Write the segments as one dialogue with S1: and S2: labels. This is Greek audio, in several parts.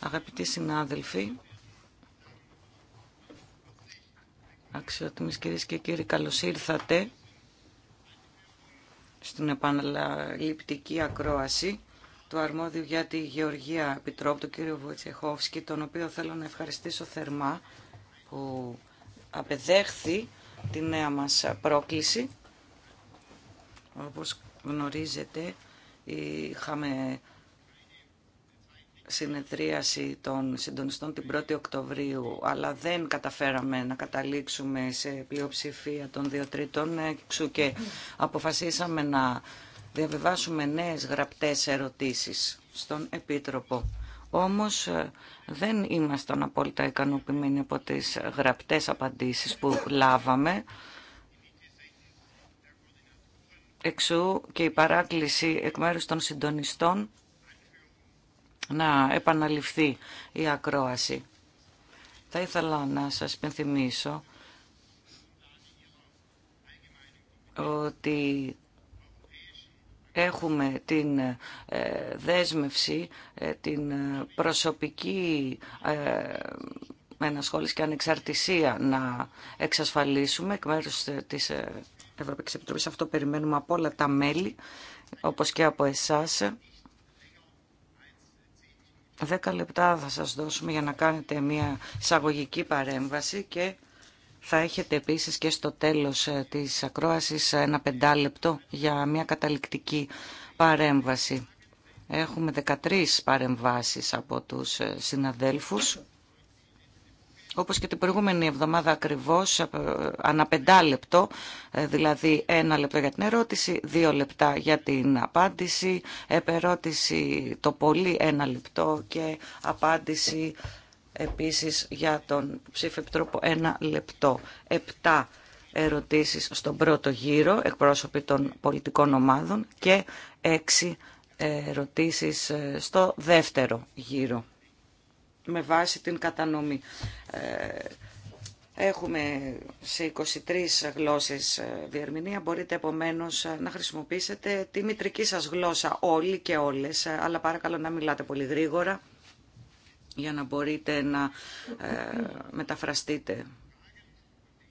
S1: Αγαπητοί συνάδελφοι, αξιότιμες κυρίες και κύριοι, καλώς ήρθατε στην επαναληπτική ακρόαση του αρμόδιου για τη Γεωργία Επιτρόπου, του κύριου Βοητσεχόφσκη, τον οποίο θέλω να ευχαριστήσω θερμά που απεδέχθη τη νέα μας πρόκληση. Όπως γνωρίζετε είχαμε συνεδρίαση των συντονιστών την 1η Οκτωβρίου, αλλά δεν καταφέραμε να καταλήξουμε σε πλειοψηφία των δύο τρίτων, εξού και αποφασίσαμε να διαβιβάσουμε νέες γραπτές ερωτήσεις στον Επίτροπο. Όμως ε, δεν ήμασταν απόλυτα ικανοποιημένοι από τις γραπτές απαντήσεις που λάβαμε. Εξού και η παράκληση εκ μέρους των συντονιστών να επαναληφθεί η ακρόαση. Θα ήθελα να σας πενθυμίσω ότι έχουμε την ε, δέσμευση, ε, την προσωπική ε, ενασχόληση και ανεξαρτησία να εξασφαλίσουμε εκ μέρους της Ευρωπαϊκή Επιτροπή. Αυτό περιμένουμε από όλα τα μέλη, όπως και από εσάς. Δέκα λεπτά θα σας δώσουμε για να κάνετε μια εισαγωγική παρέμβαση και θα έχετε επίσης και στο τέλος ε, της ακρόασης ένα πεντάλεπτο για μια καταληκτική παρέμβαση. Έχουμε 13 παρεμβάσεις από τους ε, συναδέλφους όπως και την προηγούμενη εβδομάδα ακριβώς, ε, ανά λεπτό, ε, δηλαδή ένα λεπτό για την ερώτηση, δύο λεπτά για την απάντηση, επερώτηση το πολύ ένα λεπτό και απάντηση επίσης για τον ψήφιπτροπο ένα λεπτό. Επτά ερωτήσεις στον πρώτο γύρο, εκπρόσωποι των πολιτικών ομάδων και έξι ερωτήσεις ε, στο δεύτερο γύρο με βάση την κατανομή. Ε, έχουμε σε 23 γλώσσες ε, διερμηνία, μπορείτε επομένως ε, να χρησιμοποιήσετε τη μητρική σας γλώσσα όλοι και όλες, αλλά παρακαλώ να μιλάτε πολύ γρήγορα για να μπορείτε να μεταφραστείτε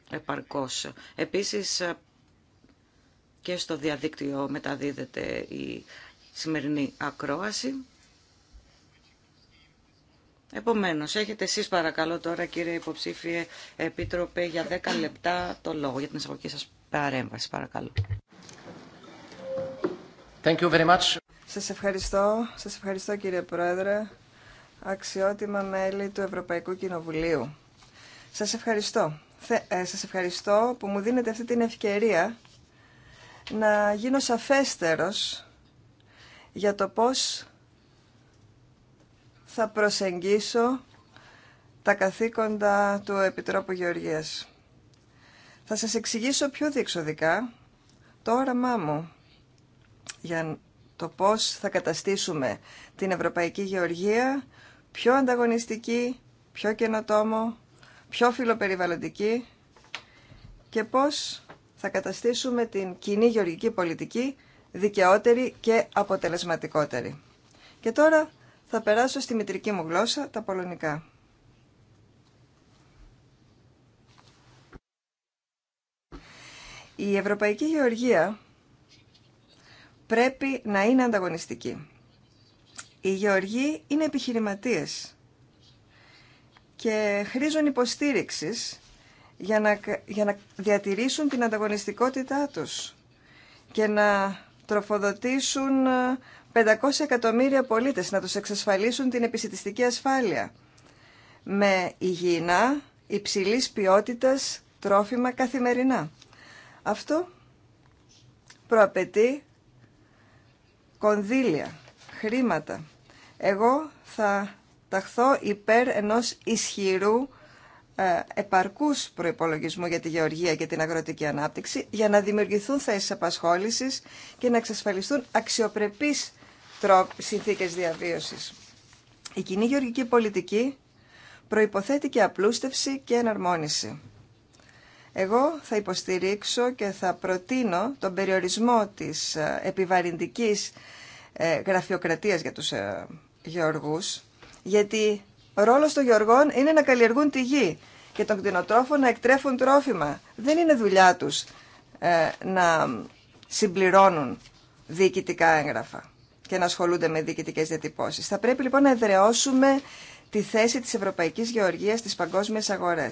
S1: επαρκώς. Επίσης και στο διαδίκτυο μεταδίδεται η σημερινή ακρόαση. Επομένως, έχετε εσείς παρακαλώ τώρα κύριε υποψήφιε επίτροπε για 10 λεπτά το λόγο για την εισαγωγική σας παρέμβαση παρακαλώ.
S2: Thank you very much. Σας ευχαριστώ. Σας ευχαριστώ κύριε Πρόεδρε. Αξιότιμα μέλη του Ευρωπαϊκού Κοινοβουλίου. Σας ευχαριστώ. Ε, σας ευχαριστώ που μου δίνετε αυτή την ευκαιρία να γίνω σαφέστερος για το πώς θα προσεγγίσω τα καθήκοντα του Επιτρόπου Γεωργίας. Θα σας εξηγήσω πιο διεξοδικά το όραμά μου για το πώς θα καταστήσουμε την Ευρωπαϊκή Γεωργία πιο ανταγωνιστική, πιο καινοτόμο, πιο φιλοπεριβαλλοντική και πώς θα καταστήσουμε την κοινή γεωργική πολιτική δικαιότερη και αποτελεσματικότερη. Και τώρα θα περάσω στη μητρική μου γλώσσα, τα πολωνικά. Η Ευρωπαϊκή Γεωργία πρέπει να είναι ανταγωνιστική. Οι γεωργοί είναι επιχειρηματίες και χρήζουν υποστήριξης για να, για να διατηρήσουν την ανταγωνιστικότητά τους και να τροφοδοτήσουν 500 εκατομμύρια πολίτες, να τους εξασφαλίσουν την επισητιστική ασφάλεια με υγιεινά, υψηλής ποιότητας τρόφιμα καθημερινά. Αυτό προαπαιτεί κονδύλια, χρήματα. Εγώ θα ταχθώ υπέρ ενός ισχυρού ε, επαρκούς προϋπολογισμού για τη γεωργία και την αγροτική ανάπτυξη για να δημιουργηθούν θέσεις απασχόλησης και να εξασφαλιστούν αξιοπρεπείς συνθήκες διαβίωσης. Η κοινή γεωργική πολιτική προϋποθέτει και απλούστευση και εναρμόνιση. Εγώ θα υποστηρίξω και θα προτείνω τον περιορισμό της ε, επιβαρυντικής ε, γραφειοκρατίας για τους ε, γεωργούς, γιατί ο ρόλος των γεωργών είναι να καλλιεργούν τη γη και των κτηνοτρόφων να εκτρέφουν τρόφιμα. Δεν είναι δουλειά τους να συμπληρώνουν διοικητικά έγγραφα και να ασχολούνται με διοικητικέ διατυπώσει. Θα πρέπει λοιπόν να εδραιώσουμε τη θέση τη Ευρωπαϊκή Γεωργία στι παγκόσμιε αγορέ.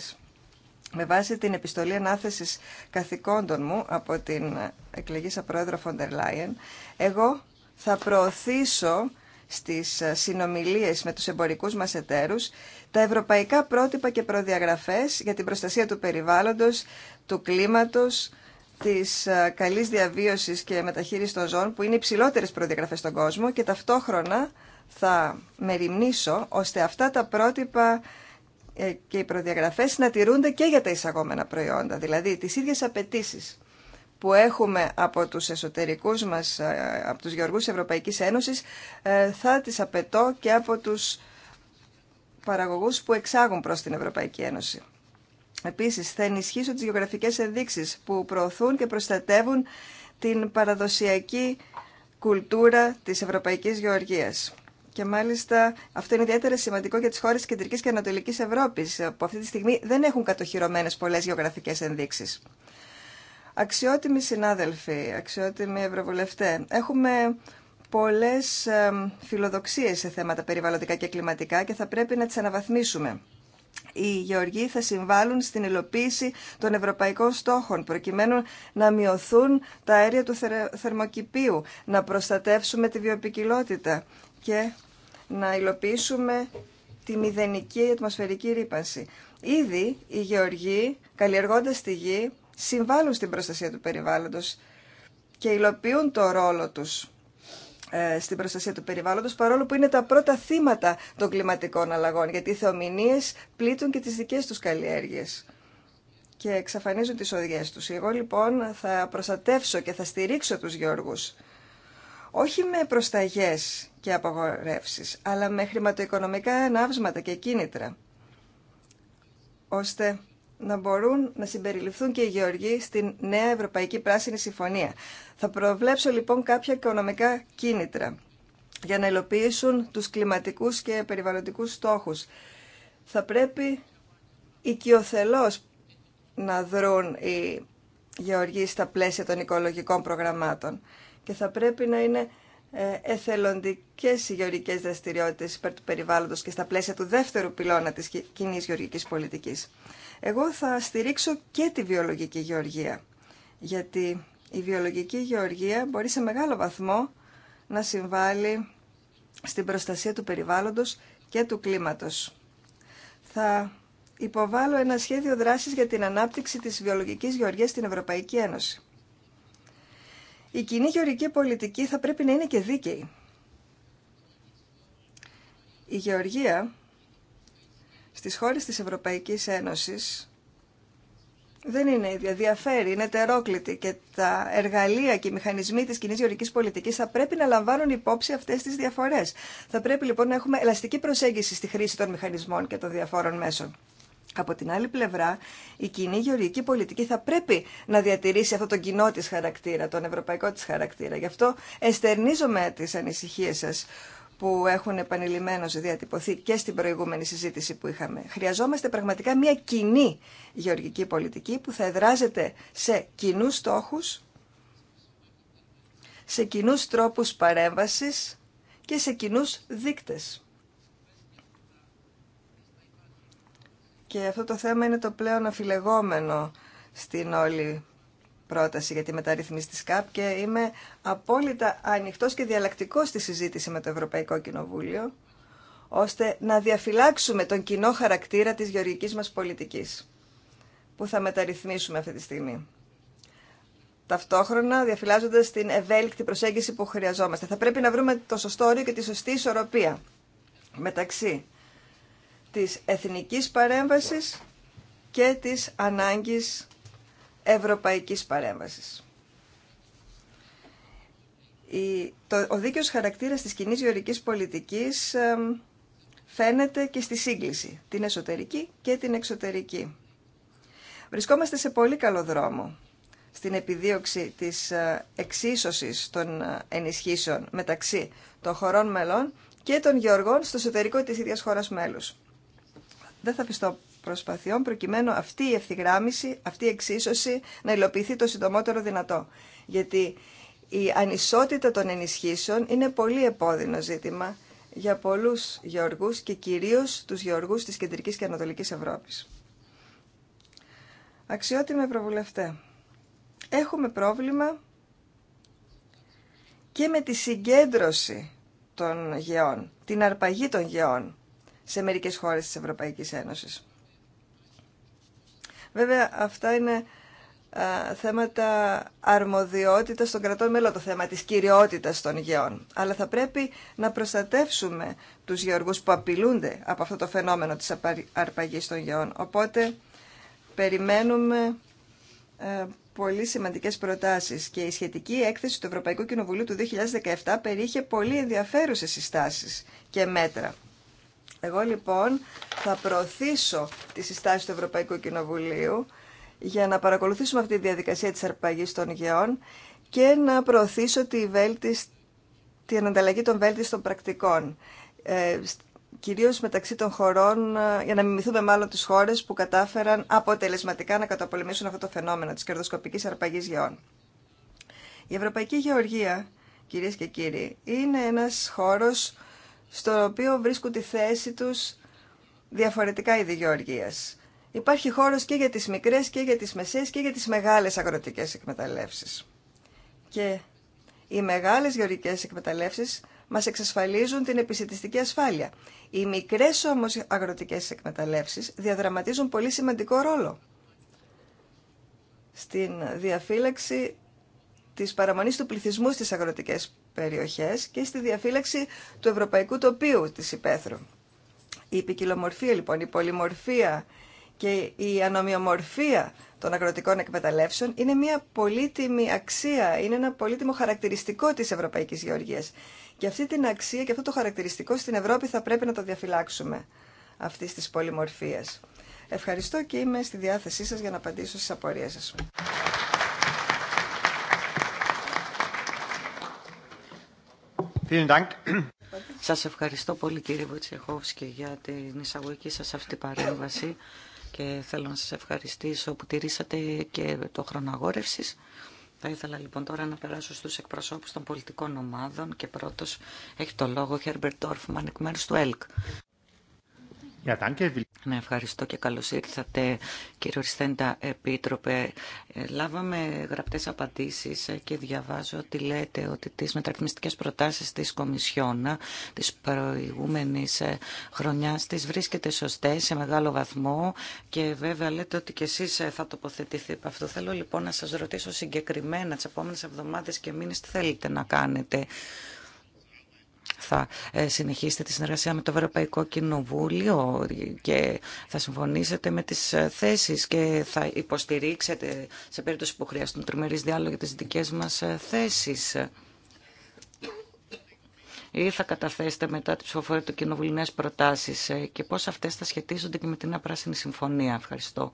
S2: Με βάση την επιστολή ανάθεση καθηκόντων μου από την εκλεγήσα πρόεδρο Φοντερ Λάιεν, εγώ θα προωθήσω στις συνομιλίες με τους εμπορικούς μας εταίρους τα ευρωπαϊκά πρότυπα και προδιαγραφές για την προστασία του περιβάλλοντο, του κλίματο. Τη ε, καλής διαβίωσης και μεταχείριση των ζώων, που είναι οι ψηλότερες προδιαγραφές στον κόσμο και ταυτόχρονα θα μεριμνήσω ώστε αυτά τα πρότυπα ε, και οι προδιαγραφές να τηρούνται και για τα εισαγόμενα προϊόντα, δηλαδή τις ίδιε απαιτήσει που έχουμε από τους εσωτερικούς μας, ε, από τους γεωργούς Ευρωπαϊκής Ένωσης, θα τις απαιτώ και από τους παραγωγούς που εξάγουν προς την Ευρωπαϊκή Ένωση. Επίση, θα ενισχύσω τι γεωγραφικέ ενδείξει που προωθούν και προστατεύουν την παραδοσιακή κουλτούρα τη Ευρωπαϊκή Γεωργίας. Και μάλιστα αυτό είναι ιδιαίτερα σημαντικό για τι χώρε τη Κεντρικής και Ανατολική Ευρώπη, που αυτή τη στιγμή δεν έχουν κατοχυρωμένες πολλέ γεωγραφικέ ενδείξει. Αξιότιμοι συνάδελφοι, αξιότιμοι ευρωβουλευτέ, έχουμε πολλέ φιλοδοξίε σε θέματα περιβαλλοντικά και κλιματικά και θα πρέπει να τι αναβαθμίσουμε οι γεωργοί θα συμβάλλουν στην υλοποίηση των ευρωπαϊκών στόχων, προκειμένου να μειωθούν τα αέρια του θερμοκηπίου, να προστατεύσουμε τη βιοπικιλότητα και να υλοποιήσουμε τη μηδενική ατμοσφαιρική ρήπανση. Ήδη οι γεωργοί, καλλιεργώντας τη γη, συμβάλλουν στην προστασία του περιβάλλοντος και υλοποιούν το ρόλο τους ε, στην προστασία του περιβάλλοντος, παρόλο που είναι τα πρώτα θύματα των κλιματικών αλλαγών, γιατί οι θεομηνίες πλήττουν και τις δικές τους καλλιέργειες και εξαφανίζουν τις οδιές του. Εγώ λοιπόν θα προστατεύσω και θα στηρίξω τους Γιώργους, όχι με προσταγές και απαγορεύσεις, αλλά με χρηματοοικονομικά ενάυσματα και κίνητρα, ώστε να μπορούν να συμπεριληφθούν και οι γεωργοί στην νέα Ευρωπαϊκή Πράσινη Συμφωνία. Θα προβλέψω λοιπόν κάποια οικονομικά κίνητρα για να υλοποιήσουν τους κλιματικούς και περιβαλλοντικούς στόχους. Θα πρέπει οικειοθελώς να δρούν οι γεωργοί στα πλαίσια των οικολογικών προγραμμάτων και θα πρέπει να είναι ε, εθελοντικές γεωργικές δραστηριότητες υπέρ του περιβάλλοντος και στα πλαίσια του δεύτερου πυλώνα της κοινή γεωργική πολιτικής. Εγώ θα στηρίξω και τη βιολογική γεωργία, γιατί η βιολογική γεωργία μπορεί σε μεγάλο βαθμό να συμβάλλει στην προστασία του περιβάλλοντος και του κλίματος. Θα υποβάλω ένα σχέδιο δράσης για την ανάπτυξη της βιολογικής γεωργίας στην Ευρωπαϊκή Ένωση η κοινή γεωργική πολιτική θα πρέπει να είναι και δίκαιη. Η γεωργία στις χώρες της Ευρωπαϊκής Ένωσης δεν είναι ίδια, διαφέρει, είναι τερόκλητη και τα εργαλεία και οι μηχανισμοί της κοινή γεωργικής πολιτικής θα πρέπει να λαμβάνουν υπόψη αυτές τις διαφορές. Θα πρέπει λοιπόν να έχουμε ελαστική προσέγγιση στη χρήση των μηχανισμών και των διαφόρων μέσων. Από την άλλη πλευρά, η κοινή γεωργική πολιτική θα πρέπει να διατηρήσει αυτό τον κοινό της χαρακτήρα, τον ευρωπαϊκό της χαρακτήρα. Γι' αυτό εστερνίζομαι τις ανησυχίες σας που έχουν επανειλημμένως διατυπωθεί και στην προηγούμενη συζήτηση που είχαμε. Χρειαζόμαστε πραγματικά μια κοινή γεωργική πολιτική που θα εδράζεται σε κοινού στόχους, σε κοινού τρόπους παρέμβασης και σε κοινού δείκτες. Και αυτό το θέμα είναι το πλέον αφιλεγόμενο στην όλη πρόταση για τη μεταρρύθμιση της ΚΑΠ και είμαι απόλυτα ανοιχτός και διαλλακτικός στη συζήτηση με το Ευρωπαϊκό Κοινοβούλιο ώστε να διαφυλάξουμε τον κοινό χαρακτήρα της γεωργικής μας πολιτικής που θα μεταρρυθμίσουμε αυτή τη στιγμή. Ταυτόχρονα διαφυλάζοντας την ευέλικτη προσέγγιση που χρειαζόμαστε. Θα πρέπει να βρούμε το σωστό όριο και τη σωστή ισορροπία μεταξύ της εθνικής παρέμβασης και της ανάγκης ευρωπαϊκής παρέμβασης. Η, το, ο δίκαιος χαρακτήρας της κοινή γεωρικής πολιτικής φαίνεται και στη σύγκληση, την εσωτερική και την εξωτερική. Βρισκόμαστε σε πολύ καλό δρόμο στην επιδίωξη της ε, εξίσωσης των ε, ενισχύσεων μεταξύ των χωρών μελών και των γεωργών στο εσωτερικό της ίδιας χώρας μέλους δεν θα πιστώ προσπαθειών προκειμένου αυτή η ευθυγράμμιση, αυτή η εξίσωση να υλοποιηθεί το συντομότερο δυνατό. Γιατί η ανισότητα των ενισχύσεων είναι πολύ επώδυνο ζήτημα για πολλούς γεωργούς και κυρίως τους γεωργούς της Κεντρικής και Ανατολικής Ευρώπης. Αξιότιμε προβουλευτέ, έχουμε πρόβλημα και με τη συγκέντρωση των γεών, την αρπαγή των γεών σε μερικές χώρες της Ευρωπαϊκής Ένωσης. Βέβαια, αυτά είναι θέματα αρμοδιότητας των κρατών μελών, το θέμα της κυριότητας των γεών. Αλλά θα πρέπει να προστατεύσουμε τους γεωργούς που απειλούνται από αυτό το φαινόμενο της αρπαγής των γεών. Οπότε, περιμένουμε ε, πολύ σημαντικές προτάσεις και η σχετική έκθεση του Ευρωπαϊκού Κοινοβουλίου του 2017 περιείχε πολύ ενδιαφέρουσες συστάσεις και μέτρα. Εγώ λοιπόν θα προωθήσω τη συστάση του Ευρωπαϊκού Κοινοβουλίου για να παρακολουθήσουμε αυτή τη διαδικασία της αρπαγής των γεών και να προωθήσω τη την ανταλλαγή των βέλτιστων πρακτικών, ε, κυρίως μεταξύ των χωρών, ε, για να μιμηθούμε μάλλον τις χώρες που κατάφεραν αποτελεσματικά να καταπολεμήσουν αυτό το φαινόμενο της κερδοσκοπικής αρπαγής γεών. Η Ευρωπαϊκή Γεωργία, κυρίες και κύριοι, είναι ένας χώρος στο οποίο βρίσκουν τη θέση τους διαφορετικά είδη γεωργίας. Υπάρχει χώρος και για τις μικρές και για τις μεσαίες και για τις μεγάλες αγροτικές εκμεταλλεύσεις. Και οι μεγάλες γεωργικές εκμεταλλεύσεις μας εξασφαλίζουν την επισητιστική ασφάλεια. Οι μικρές όμως αγροτικές εκμεταλλεύσεις διαδραματίζουν πολύ σημαντικό ρόλο στην διαφύλαξη της παραμονής του πληθυσμού στις αγροτικές περιοχές και στη διαφύλαξη του ευρωπαϊκού τοπίου της υπαίθρου. Η ποικιλομορφία λοιπόν, η πολυμορφία και η ανομοιομορφία των αγροτικών εκμεταλλεύσεων είναι μια πολύτιμη αξία, είναι ένα πολύτιμο χαρακτηριστικό της Ευρωπαϊκής Γεωργίας. Και αυτή την αξία και αυτό το χαρακτηριστικό στην Ευρώπη θα πρέπει να το διαφυλάξουμε αυτή της πολυμορφίας. Ευχαριστώ και είμαι στη διάθεσή σας για να
S1: απαντήσω στις απορίες σας. Σας ευχαριστώ πολύ κύριε Βοτσεχόφσκι για την εισαγωγική σας αυτή παρέμβαση και θέλω να σας ευχαριστήσω που τηρήσατε και το χρόνο Θα ήθελα λοιπόν τώρα να περάσω στους εκπροσώπους των πολιτικών ομάδων και πρώτος έχει το λόγο Χέρμπερτ Ντόρφμαν εκ μέρους του ΕΛΚ. danke. Να ευχαριστώ και καλώς ήρθατε κύριο Ριστέντα Επίτροπε. Ε, λάβαμε γραπτές απαντήσεις και διαβάζω ότι λέτε ότι τις μεταρρυθμιστικές προτάσεις της Κομισιόνα της προηγούμενης χρονιάς της βρίσκεται σωστές σε μεγάλο βαθμό και βέβαια λέτε ότι και εσείς θα τοποθετηθεί από αυτό. Θέλω λοιπόν να σας ρωτήσω συγκεκριμένα τις επόμενες εβδομάδες και μήνες τι θέλετε να κάνετε θα ε, συνεχίσετε τη συνεργασία με το Ευρωπαϊκό Κοινοβούλιο και θα συμφωνήσετε με τις ε, θέσεις και θα υποστηρίξετε σε περίπτωση που χρειαστούν τριμερείς διάλογο για τις δικές μας ε, θέσεις ή θα καταθέσετε μετά τη ψηφοφορία του Κοινοβουλίου νέες προτάσεις και πώς αυτές θα σχετίζονται και με την Απράσινη Συμφωνία. Ευχαριστώ.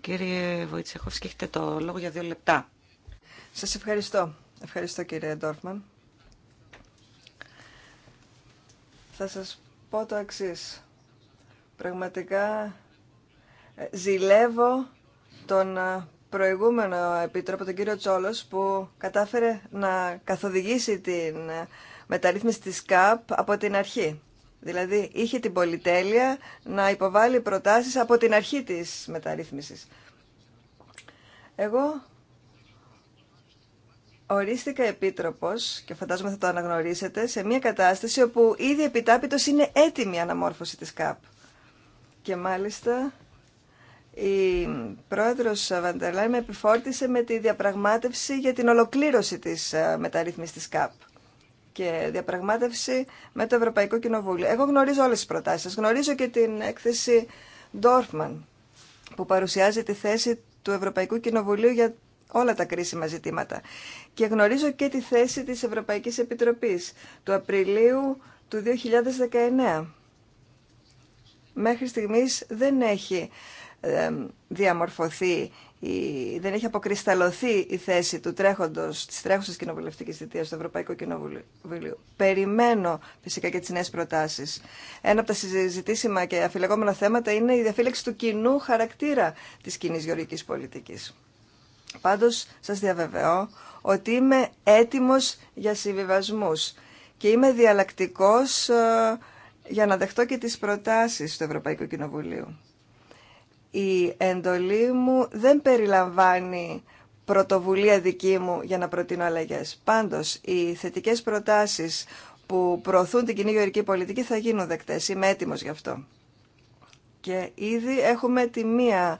S1: Κύριε Βοητσεχόφσκι, έχετε το λόγο για δύο
S2: λεπτά. Σας ευχαριστώ. Ευχαριστώ κύριε Ντόρφμαν. θα σας πω το εξής. Πραγματικά ε, ζηλεύω τον ε, προηγούμενο επίτροπο, τον κύριο Τσόλος, που κατάφερε να καθοδηγήσει την ε, μεταρρύθμιση της ΚΑΠ από την αρχή. Δηλαδή, είχε την πολυτέλεια να υποβάλει προτάσεις από την αρχή της μεταρρύθμισης. Εγώ ορίστηκα επίτροπος, και φαντάζομαι θα το αναγνωρίσετε, σε μια κατάσταση όπου ήδη επιτάπητος είναι έτοιμη η αναμόρφωση της ΚΑΠ. Και μάλιστα η πρόεδρος Βαντελάι με επιφόρτησε με τη διαπραγμάτευση για την ολοκλήρωση της ε, μεταρρύθμισης της ΚΑΠ και διαπραγμάτευση με το Ευρωπαϊκό Κοινοβούλιο. Εγώ γνωρίζω όλες τις προτάσεις Γνωρίζω και την έκθεση Dorfman που παρουσιάζει τη θέση του Ευρωπαϊκού Κοινοβουλίου για όλα τα κρίσιμα ζητήματα. Και γνωρίζω και τη θέση της Ευρωπαϊκής Επιτροπής του Απριλίου του 2019. Μέχρι στιγμής δεν έχει διαμορφωθεί, δεν έχει αποκρισταλωθεί η θέση του τρέχοντος, της τρέχουσας κοινοβουλευτικής θητείας του Ευρωπαϊκού Κοινοβουλίου. Περιμένω φυσικά και τις νέες προτάσεις. Ένα από τα συζητήσιμα και αφιλεγόμενα θέματα είναι η διαφύλαξη του κοινού χαρακτήρα της κοινή γεωργικής πολιτικής. Πάντως σας διαβεβαιώ ότι είμαι έτοιμος για συμβιβασμούς και είμαι διαλλακτικός ε, για να δεχτώ και τις προτάσεις του Ευρωπαϊκού Κοινοβουλίου. Η εντολή μου δεν περιλαμβάνει πρωτοβουλία δική μου για να προτείνω αλλαγές. Πάντως, οι θετικές προτάσεις που προωθούν την κοινή γεωρική πολιτική θα γίνουν δεκτές. Είμαι έτοιμος γι' αυτό. Και ήδη έχουμε τη μία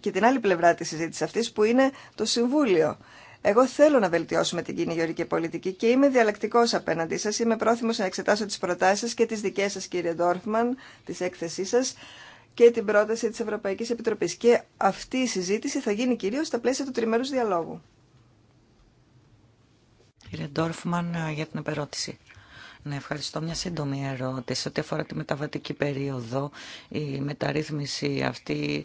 S2: και την άλλη πλευρά της συζήτησης αυτής που είναι το Συμβούλιο. Εγώ θέλω να βελτιώσουμε την κοινή γεωρική πολιτική και είμαι διαλλακτικό απέναντί σα. Είμαι πρόθυμο να εξετάσω τι προτάσει και τι δικέ σα, κύριε Ντόρφμαν, τη έκθεσή σα και την πρόταση τη Ευρωπαϊκή Επιτροπή. Και αυτή η συζήτηση θα γίνει κυρίω στα πλαίσια του τριμερού διαλόγου.
S1: Κύριε Ντόρφμαν, για την επερώτηση. Ναι, ευχαριστώ. Μια σύντομη ερώτηση. Ό,τι αφορά τη μεταβατική περίοδο, η μεταρρύθμιση αυτή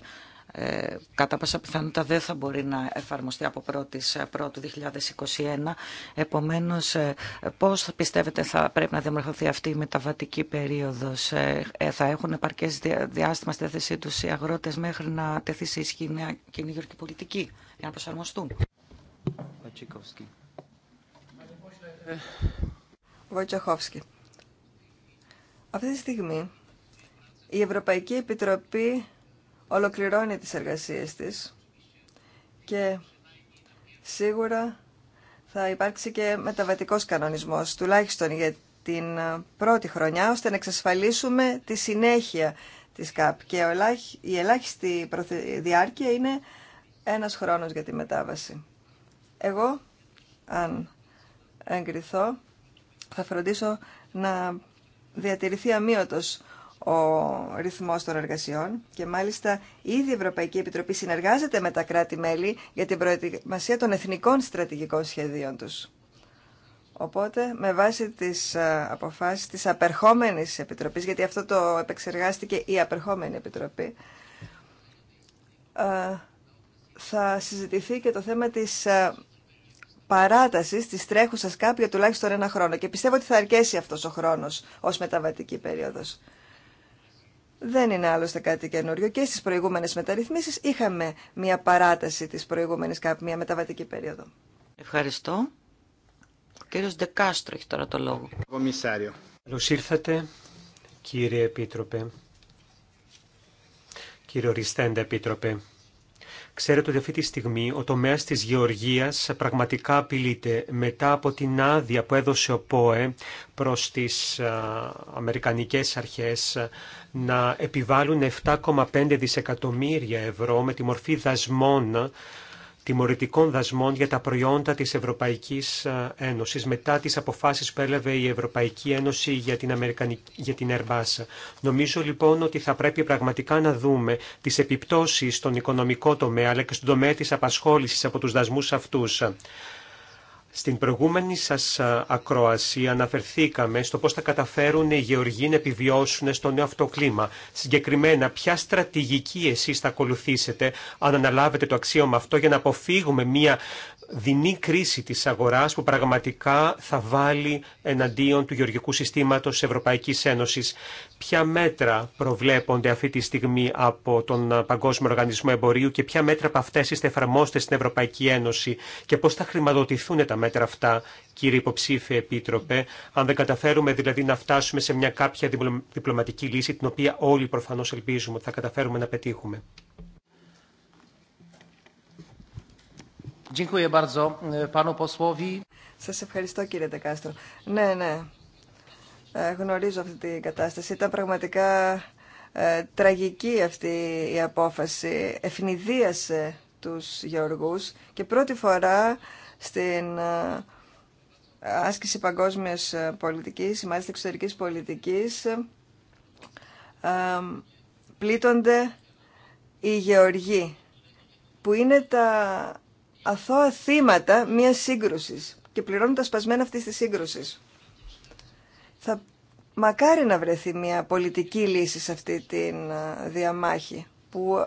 S1: ε, κατά πάσα πιθανότητα δεν θα μπορεί να εφαρμοστεί από 1η ε, πρώτου 2021. Επομένως, ε, πώς πιστεύετε θα πρέπει να δημιουργηθεί αυτή μεταβατική περίοδος. Θα πρεπει να διαμορφωθεί αυτη επαρκές διάστημα στη θέση τους οι αγρότες μέχρι να τεθεί σε ισχύ νέα κοινή γεωργική πολιτική για να προσαρμοστούν. Βοητσοχόφσκι. Αυτή τη στιγμή
S2: η Ευρωπαϊκή Επιτροπή ολοκληρώνει τις εργασίες της και σίγουρα θα υπάρξει και μεταβατικός κανονισμός, τουλάχιστον για την ε, πρώτη χρονιά, ώστε να εξασφαλίσουμε τη συνέχεια της ΚΑΠ. Και η ελάχιστη διάρκεια είναι ένας χρόνος για τη μετάβαση. Εγώ, αν εγκριθώ, θα φροντίσω να διατηρηθεί αμύωτος ο ρυθμός των εργασιών και μάλιστα ήδη η Ευρωπαϊκή Επιτροπή συνεργάζεται με τα κράτη-μέλη για την προετοιμασία των εθνικών στρατηγικών σχεδίων τους. Οπότε, με βάση τις ε, αποφάσεις της απερχόμενης Επιτροπής, γιατί αυτό το επεξεργάστηκε η απερχόμενη Επιτροπή, ε, θα συζητηθεί και το θέμα της ε, παράτασης της τρέχουσας κάποια τουλάχιστον ένα χρόνο. Και πιστεύω ότι θα αρκέσει αυτός ο χρόνος ως μεταβατική περίοδος δεν είναι άλλωστε κάτι καινούριο. Και στις προηγούμενες μεταρρυθμίσεις είχαμε μια παράταση της προηγούμενης κάπου μια μεταβατική περίοδο.
S1: Ευχαριστώ.
S3: Ο κύριος Ντεκάστρο έχει τώρα το λόγο. Κομισάριο. Καλώς ήρθατε, κύριε Επίτροπε. κύριο Ριστέντα Επίτροπε. Ξέρετε ότι αυτή τη στιγμή ο τομέας της γεωργίας πραγματικά απειλείται μετά από την άδεια που έδωσε ο ΠΟΕ προς τις α, αμερικανικές αρχές να επιβάλλουν 7,5 δισεκατομμύρια ευρώ με τη μορφή δασμών, τιμωρητικών δασμών για τα προϊόντα της Ευρωπαϊκής ε, Ένωσης μετά τις αποφάσεις που έλαβε η Ευρωπαϊκή Ένωση για την, Αμερικανική, για την Νομίζω λοιπόν ότι θα πρέπει πραγματικά να δούμε τις επιπτώσεις στον οικονομικό τομέα αλλά και στον τομέα της απασχόλησης από τους δασμούς αυτούς. Στην προηγούμενη σας ακροασία αναφερθήκαμε στο πώς θα καταφέρουν οι γεωργοί να επιβιώσουν στο νέο αυτό κλίμα. Συγκεκριμένα, ποια στρατηγική εσείς θα ακολουθήσετε αν αναλάβετε το αξίωμα αυτό για να αποφύγουμε μια δεινή κρίση της αγοράς που πραγματικά θα βάλει εναντίον του γεωργικού συστήματος Ευρωπαϊκής Ένωσης. Ποια μέτρα προβλέπονται αυτή τη στιγμή από τον Παγκόσμιο Οργανισμό Εμπορίου και ποια μέτρα από αυτές είστε εφαρμόστε στην Ευρωπαϊκή Ένωση και πώς θα χρηματοδοτηθούν τα μέτρα αυτά, κύριε υποψήφιε Επίτροπε, αν δεν καταφέρουμε δηλαδή να φτάσουμε σε μια κάποια διπλωματική λύση, την οποία όλοι προφανώς ελπίζουμε ότι θα καταφέρουμε να πετύχουμε. E, Σας
S2: ευχαριστώ κύριε Τεκάστρο. Ναι, ναι. Ε, γνωρίζω αυτή την κατάσταση. Ήταν πραγματικά ε, τραγική αυτή η απόφαση. Ευνηδίασε τους γεωργούς και πρώτη φορά στην ε, άσκηση παγκόσμιας ε, πολιτικής, μάλιστα εξωτερικής πολιτικής, ε, πλήττονται οι γεωργοί, που είναι τα αθώα θύματα μια σύγκρουσης και πληρώνουν τα σπασμένα αυτή της σύγκρουση. Θα μακάρι να βρεθεί μια πολιτική λύση σε αυτή τη διαμάχη που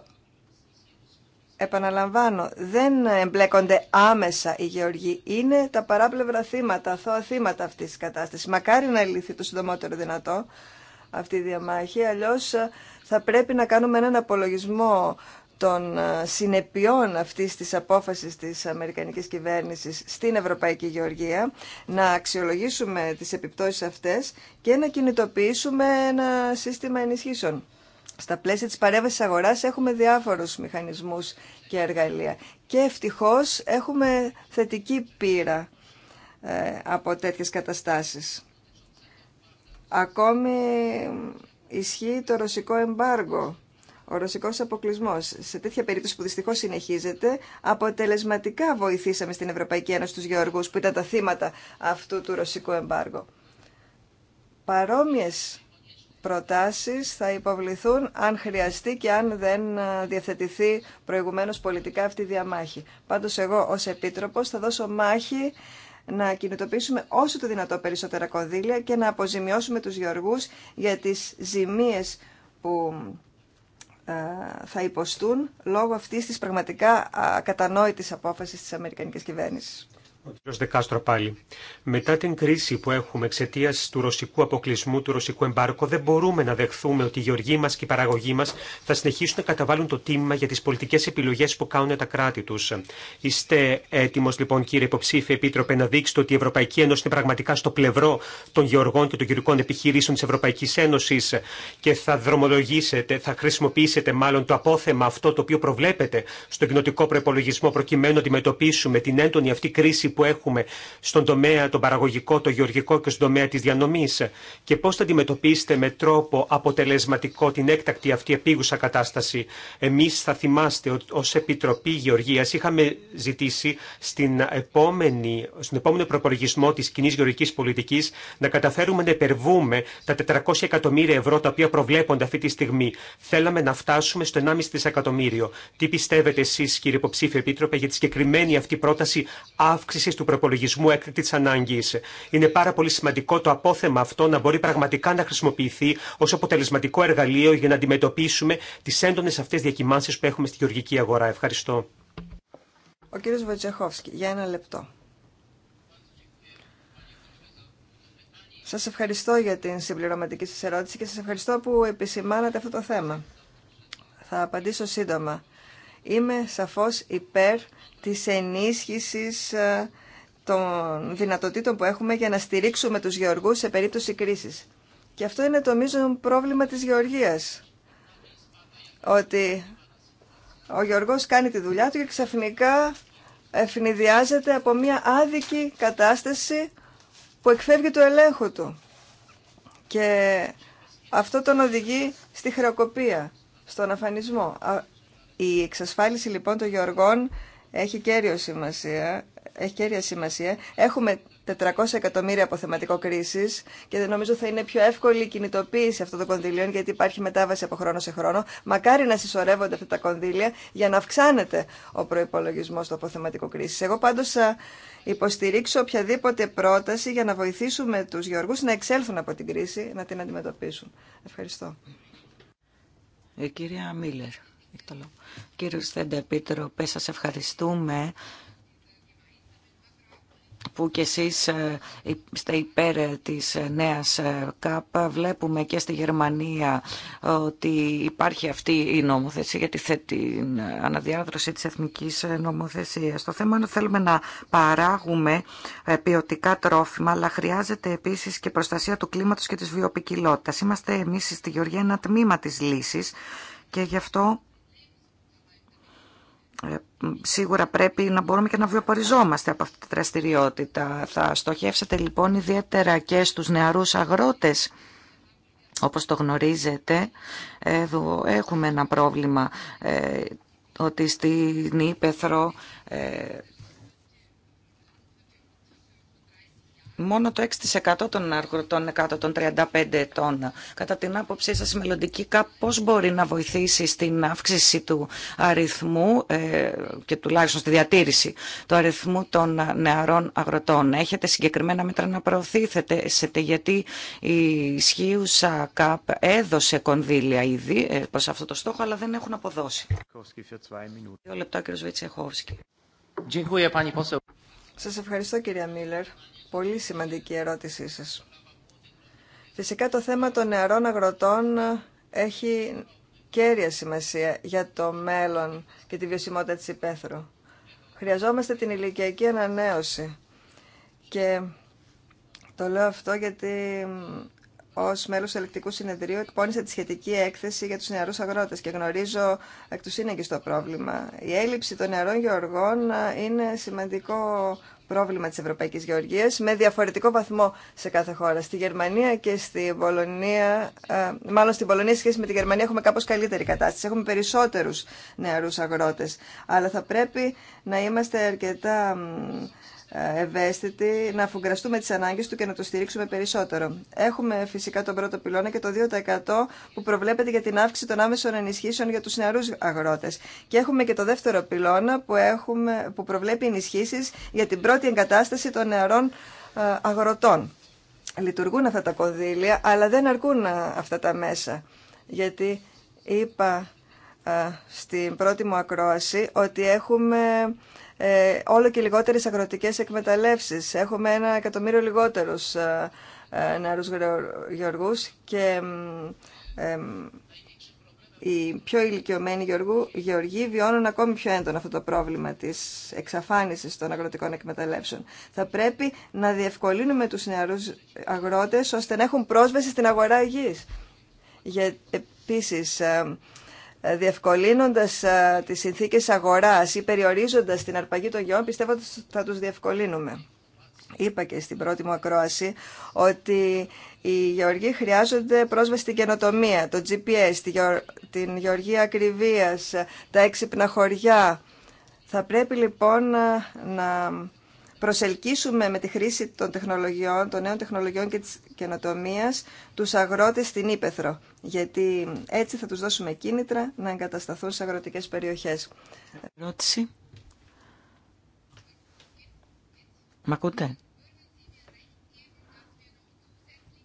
S2: επαναλαμβάνω, δεν εμπλέκονται άμεσα οι γεωργοί. Είναι τα παράπλευρα θύματα, αθώα θύματα αυτής της κατάστασης. Μακάρι να λυθεί το συντομότερο δυνατό αυτή η διαμάχη, Αλλιώ θα πρέπει να κάνουμε έναν απολογισμό των ε, συνεπειών αυτής της απόφασης της Αμερικανικής κυβέρνησης στην Ευρωπαϊκή Γεωργία, να αξιολογήσουμε τις επιπτώσεις αυτές και να κινητοποιήσουμε ένα σύστημα ενισχύσεων. Στα πλαίσια της παρέμβασης αγοράς έχουμε διάφορους μηχανισμούς και εργαλεία και ευτυχώς έχουμε θετική πείρα ε, από τέτοιες καταστάσεις. Ακόμη ε, ισχύει το ρωσικό εμπάργο ο ρωσικός αποκλεισμός σε τέτοια περίπτωση που δυστυχώς συνεχίζεται αποτελεσματικά βοηθήσαμε στην Ευρωπαϊκή Ένωση τους γεωργούς που ήταν τα θύματα αυτού του ρωσικού εμπάργου. Παρόμοιες προτάσεις θα υποβληθούν αν χρειαστεί και αν δεν διαθετηθεί προηγουμένως πολιτικά αυτή η διαμάχη. Πάντως εγώ ως Επίτροπος θα δώσω μάχη να κινητοποιήσουμε όσο το δυνατό περισσότερα κονδύλια και να αποζημιώσουμε τους γεωργούς για τις ζημίες που ε, θα υποστούν λόγω αυτής της πραγματικά ακατανόητης απόφασης της Αμερικανικής κυβέρνησης.
S3: Ο κ. Δεκάστρο πάλι. Μετά την κρίση που έχουμε εξαιτία του ρωσικού αποκλεισμού, του ρωσικού εμπάρκου, δεν μπορούμε να δεχθούμε ότι οι γεωργοί μα και οι παραγωγοί μα θα συνεχίσουν να καταβάλουν το τίμημα για τι πολιτικέ επιλογέ που κάνουν τα κράτη του. Είστε έτοιμο, λοιπόν, κύριε υποψήφιε επίτροπε, να δείξετε ότι η Ευρωπαϊκή Ένωση είναι πραγματικά στο πλευρό των γεωργών και των γεωργικών επιχειρήσεων τη Ευρωπαϊκή Ένωση και θα δρομολογήσετε, θα χρησιμοποιήσετε μάλλον το απόθεμα αυτό το οποίο προβλέπετε στον κοινοτικό προπολογισμό προκειμένου να αντιμετωπίσουμε την έντονη αυτή κρίση που έχουμε στον τομέα τον παραγωγικό, το γεωργικό και στον τομέα της διανομής και πώς θα αντιμετωπίσετε με τρόπο αποτελεσματικό την έκτακτη αυτή επίγουσα κατάσταση. Εμείς θα θυμάστε ότι ως Επιτροπή Γεωργίας είχαμε ζητήσει στην επόμενη, στον επόμενο προπολογισμό της κοινή γεωργικής πολιτικής να καταφέρουμε να υπερβούμε τα 400 εκατομμύρια ευρώ τα οποία προβλέπονται αυτή τη στιγμή. Θέλαμε να φτάσουμε στο 1,5 δισεκατομμύριο. Τι πιστεύετε εσείς κύριε υποψήφιο επίτροπε για τη συγκεκριμένη αυτή πρόταση αύξηση αύξηση του προπολογισμού έκτακτη ανάγκη. Είναι πάρα πολύ σημαντικό το απόθεμα αυτό να μπορεί πραγματικά να χρησιμοποιηθεί ω αποτελεσματικό εργαλείο για να αντιμετωπίσουμε τι έντονε αυτέ διακυμάνσει που έχουμε στη γεωργική αγορά. Ευχαριστώ.
S2: Ο κύριος Βοτσεχόφσκι, για ένα λεπτό. Σας ευχαριστώ για την συμπληρωματική σα ερώτηση και σα ευχαριστώ που επισημάνατε αυτό το θέμα. Θα απαντήσω σύντομα. Είμαι σαφώς υπέρ της ενίσχυσης ε, των δυνατοτήτων που έχουμε για να στηρίξουμε τους γεωργούς σε περίπτωση κρίσης. Και αυτό είναι το μείζον πρόβλημα της γεωργίας. Ότι ο γεωργός κάνει τη δουλειά του και ξαφνικά ευνηδιάζεται από μια άδικη κατάσταση που εκφεύγει του ελέγχου του. Και αυτό τον οδηγεί στη χρεοκοπία, στον αφανισμό. Η εξασφάλιση λοιπόν των γεωργών έχει κέριο σημασία. Έχει κέρια σημασία. Έχουμε 400 εκατομμύρια αποθεματικό κρίση και δεν νομίζω θα είναι πιο εύκολη η κινητοποίηση αυτών των κονδυλίων γιατί υπάρχει μετάβαση από χρόνο σε χρόνο. Μακάρι να συσσωρεύονται αυτά τα κονδύλια για να αυξάνεται ο προπολογισμό του αποθεματικού κρίση. Εγώ πάντω θα υποστηρίξω οποιαδήποτε πρόταση για να βοηθήσουμε του γεωργού να εξέλθουν από την κρίση, να την αντιμετωπίσουν. Ευχαριστώ.
S1: Η ε, κυρία Μίλλερ. Κύριε Στέντε Επίτροπε, σας ευχαριστούμε που και εσείς ε, είστε υπέρ της ε, νέας ε, ΚΑΠ. Βλέπουμε και στη Γερμανία ότι υπάρχει αυτή η νομοθεσία για την αναδιάδρωση της εθνικής νομοθεσίας. Το θέμα είναι ότι θέλουμε να παράγουμε ποιοτικά τρόφιμα, αλλά χρειάζεται επίσης και προστασία του κλίματος και της βιοπικιλότητας. Είμαστε εμείς στη Γεωργία ένα τμήμα της λύσης και γι' αυτό ε, σίγουρα πρέπει να μπορούμε και να βιοποριζόμαστε από αυτή τη δραστηριότητα. Θα στοχεύσετε λοιπόν ιδιαίτερα και στους νεαρούς αγρότες. Όπως το γνωρίζετε, εδώ έχουμε ένα πρόβλημα ε, ότι στην Ήπεθρο ε, μόνο το 6% των είναι κάτω των 35 ετών. Κατά την άποψή σας, η μελλοντική ΚΑΠ πώς μπορεί να βοηθήσει στην αύξηση του αριθμού ε, και τουλάχιστον στη διατήρηση του αριθμού των νεαρών αγροτών. Έχετε συγκεκριμένα μέτρα να προωθήσετε γιατί η ισχύουσα ΚΑΠ έδωσε κονδύλια ήδη ε, προς αυτό το στόχο, αλλά δεν έχουν αποδώσει. Δύο
S2: Σας ευχαριστώ, κυρία Μίλλερ. Πολύ σημαντική ερώτησή σας. Φυσικά το θέμα των νεαρών αγροτών έχει κέρια σημασία για το μέλλον και τη βιωσιμότητα της υπαίθρου. Χρειαζόμαστε την ηλικιακή ανανέωση. Και το λέω αυτό γιατί ω μέλο του Ελεκτικού Συνεδρίου εκπώνησα τη σχετική έκθεση για του νεαρού αγρότε και γνωρίζω εκ του σύνεγγυ το πρόβλημα. Η έλλειψη των νεαρών γεωργών ε, είναι σημαντικό πρόβλημα τη Ευρωπαϊκή Γεωργία με διαφορετικό βαθμό σε κάθε χώρα. Στη Γερμανία και στη Πολωνία, ε, μάλλον στην Πολωνία σχέση με τη Γερμανία έχουμε κάπω καλύτερη κατάσταση. Έχουμε περισσότερου νεαρού αγρότε. Αλλά θα πρέπει να είμαστε αρκετά ε, ευαίσθητη, να αφουγκραστούμε τις ανάγκες του και να το στηρίξουμε περισσότερο. Έχουμε φυσικά τον πρώτο πυλώνα και το 2% που προβλέπεται για την αύξηση των άμεσων ενισχύσεων για τους νεαρούς αγρότες. Και έχουμε και το δεύτερο πυλώνα που, έχουμε, που προβλέπει ενισχύσεις για την πρώτη εγκατάσταση των νεαρών ε, αγροτών. Λειτουργούν αυτά τα κονδύλια, αλλά δεν αρκούν ε, αυτά τα μέσα. Γιατί είπα ε, στην πρώτη μου ακρόαση ότι έχουμε ε, όλο και λιγότερες αγροτικές εκμεταλλεύσεις. Έχουμε ένα εκατομμύριο λιγότερους ε, ε νεαρούς γεωργούς και ε, ε, οι πιο ηλικιωμένοι γεωργοί βιώνουν ακόμη πιο έντονα αυτό το πρόβλημα της εξαφάνισης των αγροτικών εκμεταλλεύσεων. Θα πρέπει να διευκολύνουμε τους νεαρούς αγρότες ώστε να έχουν πρόσβαση στην αγορά γης. επίσης, ε, διευκολύνοντας ε, τις συνθήκες αγοράς ή περιορίζοντας την αρπαγή των γεών, πιστεύω ότι θα τους διευκολύνουμε. Είπα και στην πρώτη μου ακρόαση ότι οι γεωργοί χρειάζονται πρόσβαση στην καινοτομία, το GPS, την γεωργία ακριβίας, τα έξυπνα χωριά. Θα πρέπει λοιπόν ε, να προσελκύσουμε με τη χρήση των τεχνολογιών, των νέων τεχνολογιών και της καινοτομίας τους αγρότες στην Ήπεθρο, γιατί έτσι θα τους δώσουμε κίνητρα να εγκατασταθούν σε αγροτικές περιοχές. Ερώτηση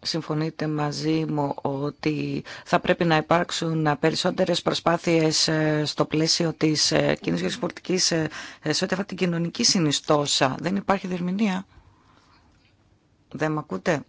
S1: συμφωνείτε μαζί μου ότι θα πρέπει να υπάρξουν περισσότερες προσπάθειες ε, στο πλαίσιο της ε, κοινής πολιτική, ε, σε ό,τι αφορά την κοινωνική συνιστόσα. Δεν υπάρχει διερμηνία. Δεν με ακούτε.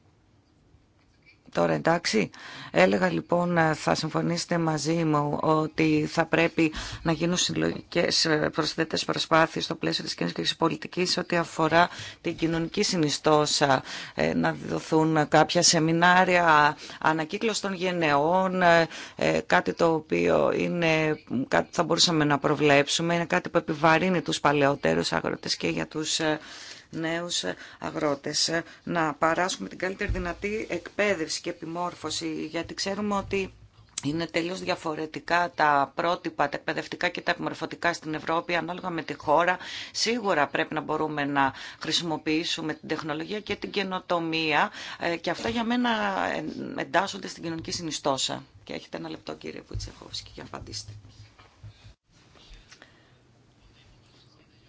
S1: Τώρα εντάξει, έλεγα λοιπόν θα συμφωνήσετε μαζί μου ότι θα πρέπει να γίνουν συλλογικέ ε, προσθέτες προσπάθειες στο πλαίσιο της κοινωνικής και της πολιτικής ό,τι αφορά την κοινωνική συνιστόσα, ε, να δοθούν κάποια σεμινάρια ανακύκλωση των γενεών, ε, κάτι το οποίο είναι θα μπορούσαμε να προβλέψουμε, είναι κάτι που επιβαρύνει τους παλαιότερους αγρότες και για τους νέους αγρότες, να παράσχουμε την καλύτερη δυνατή εκπαίδευση και επιμόρφωση, γιατί ξέρουμε ότι είναι τελείως διαφορετικά τα πρότυπα, τα εκπαιδευτικά και τα επιμορφωτικά στην Ευρώπη ανάλογα με τη χώρα. Σίγουρα πρέπει να μπορούμε να χρησιμοποιήσουμε την τεχνολογία και την καινοτομία ε, και αυτά για μένα ε, εντάσσονται στην κοινωνική συνιστόσα. Και έχετε ένα λεπτό κύριε Βουτσεχόφσκι για να απαντήσετε.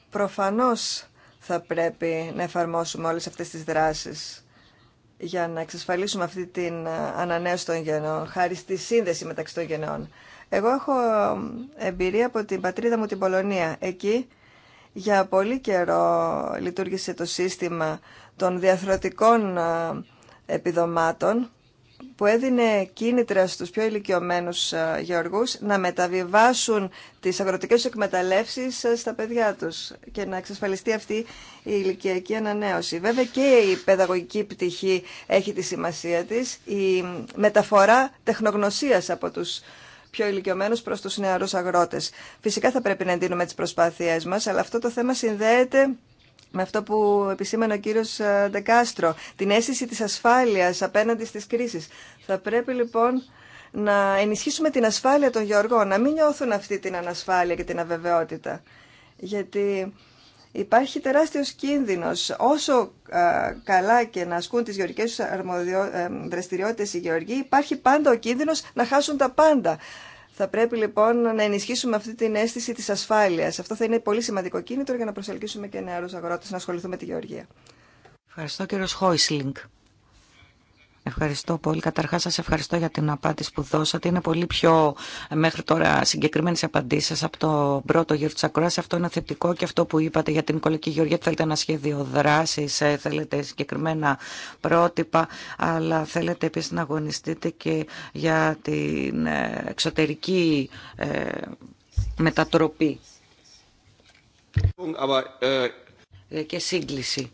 S2: Προφανώς θα πρέπει να εφαρμόσουμε όλες αυτές τις δράσεις για να εξασφαλίσουμε αυτή την ε, ανανέωση των γενών, χάρη στη σύνδεση μεταξύ των γενών. Εγώ έχω ε, εμπειρία από την πατρίδα μου την Πολωνία. Εκεί για πολύ καιρό λειτουργήσε το σύστημα των διαθροτικών ε, επιδομάτων που έδινε κίνητρα στους πιο ηλικιωμένους ε, γεωργούς να μεταβιβάσουν τις αγροτικές εκμεταλλεύσεις ε, στα παιδιά τους και να εξασφαλιστεί αυτή η ηλικιακή ανανέωση. Βέβαια και η παιδαγωγική πτυχή έχει τη σημασία της, η μεταφορά τεχνογνωσίας από τους πιο ηλικιωμένους προς τους νεαρούς αγρότες. Φυσικά θα πρέπει να εντείνουμε τις προσπάθειές μας, αλλά αυτό το θέμα συνδέεται με αυτό που επισήμανε ο κύριος ε, Ντεκάστρο, την αίσθηση της ασφάλειας απέναντι στις κρίσεις. Θα πρέπει λοιπόν να ενισχύσουμε την ασφάλεια των γεωργών, να μην νιώθουν αυτή την ανασφάλεια και την αβεβαιότητα. Γιατί υπάρχει τεράστιος κίνδυνος. Όσο ε, καλά και να ασκούν τις γεωργικές αρμοδιο... Ε, δραστηριότητες οι γεωργοί, υπάρχει πάντα ο κίνδυνος να χάσουν τα πάντα. Θα πρέπει λοιπόν να ενισχύσουμε αυτή την αίσθηση της ασφάλειας. Αυτό θα είναι πολύ σημαντικό κίνητρο για να προσελκύσουμε και νεαρούς αγρότε να ασχοληθούν με τη γεωργία.
S1: Ευχαριστώ κύριο Χόισλινγκ. Ευχαριστώ πολύ. Καταρχάς σας ευχαριστώ για την απάντηση που δώσατε. Είναι πολύ πιο ε, μέχρι τώρα συγκεκριμένες απαντήσεις από το πρώτο γύρο της ακρόασης. Αυτό είναι θετικό και αυτό που είπατε για την οικολογική γεωργία. Θέλετε ένα σχέδιο δράσης, ε, θέλετε συγκεκριμένα πρότυπα, αλλά θέλετε επίσης να αγωνιστείτε και για την ε, εξωτερική μετατροπή και σύγκληση.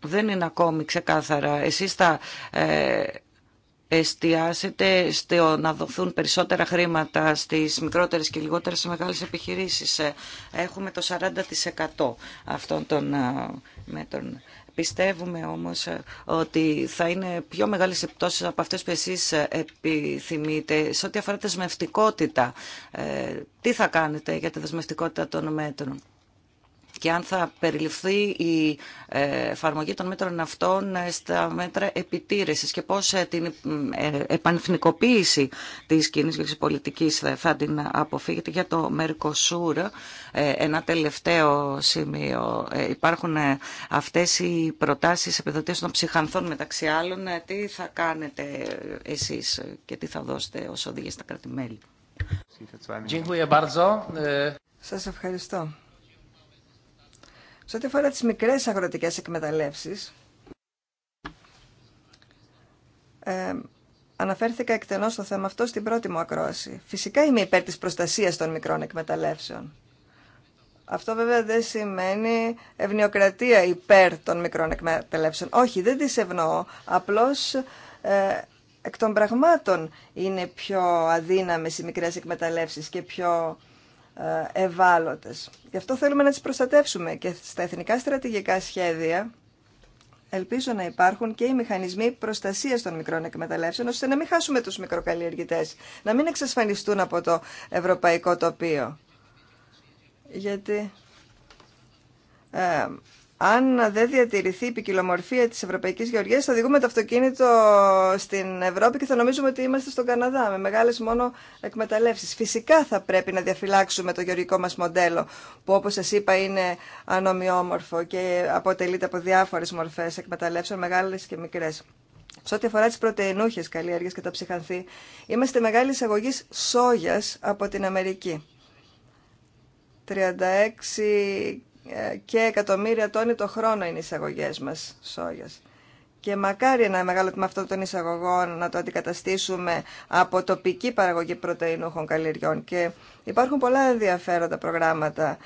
S1: δεν είναι ακόμη ξεκάθαρα. Εσείς θα ε, εστιάσετε στο να δοθούν περισσότερα χρήματα στις μικρότερες και λιγότερες μεγάλες επιχειρήσεις. Ε, έχουμε το 40% αυτών των ε, μέτρων. Πιστεύουμε όμως ε, ότι θα είναι πιο μεγάλες επιπτώσεις από αυτές που εσείς επιθυμείτε σε ό,τι αφορά τη δεσμευτικότητα. τι θα κάνετε για τη δεσμευτικότητα των μέτρων και αν θα περιληφθεί η ε, εφαρμογή των μέτρων αυτών ε, στα μέτρα επιτήρησης και πώς ε, την επανεθνικοποίηση της κοινής πολιτικής θα την αποφύγετε για το Μερικοσούρ. Ένα τελευταίο σημείο. Υπάρχουν αυτές οι προτάσεις επιδοτήσεων των ψυχανθών μεταξύ άλλων. Τι θα κάνετε εσείς και τι θα δώσετε ως οδηγές στα κράτη-μέλη.
S2: Σας ευχαριστώ. Σε ό,τι αφορά τις μικρές αγροτικές εκμεταλλεύσεις, ε, αναφέρθηκα εκτενώς στο θέμα αυτό στην πρώτη μου ακρόαση. Φυσικά είμαι υπέρ της προστασίας των μικρών εκμεταλλεύσεων. Αυτό βέβαια δεν σημαίνει ευνοιοκρατία υπέρ των μικρών εκμεταλλεύσεων. Όχι, δεν τις ευνοώ. Απλώς ε, εκ των πραγμάτων είναι πιο αδύναμες οι μικρές εκμεταλλεύσεις και πιο ε, ευάλωτες. Γι' αυτό θέλουμε να τις προστατεύσουμε και στα εθνικά στρατηγικά σχέδια ελπίζω να υπάρχουν και οι μηχανισμοί προστασίας των μικρών εκμεταλλεύσεων ώστε να μην χάσουμε τους μικροκαλλιεργητές, να μην εξασφανιστούν από το ευρωπαϊκό τοπίο. Γιατί ε, αν δεν διατηρηθεί η ποικιλομορφία τη ευρωπαϊκή Γεωργία, θα οδηγούμε το αυτοκίνητο στην Ευρώπη και θα νομίζουμε ότι είμαστε στον Καναδά με μεγάλε μόνο εκμεταλλεύσεις. Φυσικά θα πρέπει να διαφυλάξουμε το γεωργικό μα μοντέλο που όπω σα είπα είναι ανομοιόμορφο και αποτελείται από διάφορε μορφέ εκμεταλλεύσεων μεγάλε και μικρέ. Σε ό,τι αφορά τι πρωτεϊνούχε καλλιέργειε και τα ψυχανθή, είμαστε μεγάλη εισαγωγή σόγια από την Αμερική. 36 ε, και εκατομμύρια τόνοι το χρόνο είναι οι εισαγωγέ μα σόγια. Και μακάρι ένα μεγάλο τμήμα αυτών των εισαγωγών να το αντικαταστήσουμε από τοπική παραγωγή πρωτεϊνούχων καλλιεργιών. Και υπάρχουν πολλά ενδιαφέροντα προγράμματα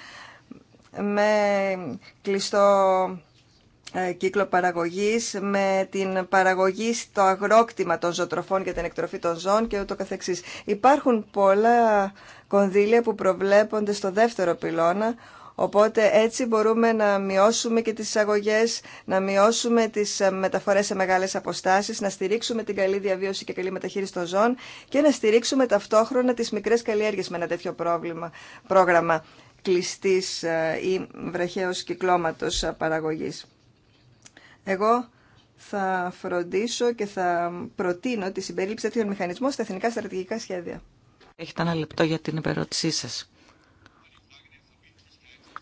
S2: με κλειστό ε, κύκλο παραγωγής, με την παραγωγή στο αγρόκτημα των ζωοτροφών για την εκτροφή των ζώων και ούτω καθεξής. Υπάρχουν πολλά κονδύλια που προβλέπονται στο δεύτερο πυλώνα, Οπότε έτσι μπορούμε να μειώσουμε και τις αγωγές, να μειώσουμε τις ε, μεταφορές σε μεγάλες αποστάσεις, να στηρίξουμε την καλή διαβίωση και καλή μεταχείριση των ζώων και να στηρίξουμε ταυτόχρονα τις μικρές καλλιέργειες με ένα τέτοιο πρόβλημα, πρόγραμμα κλειστής ε, ή βραχαίως κυκλώματος ε, παραγωγής. Εγώ θα φροντίσω και θα προτείνω τη συμπερίληψη τέτοιων μηχανισμών στα εθνικά στρατηγικά σχέδια.
S1: Έχετε ένα λεπτό για την υπερώτησή σας.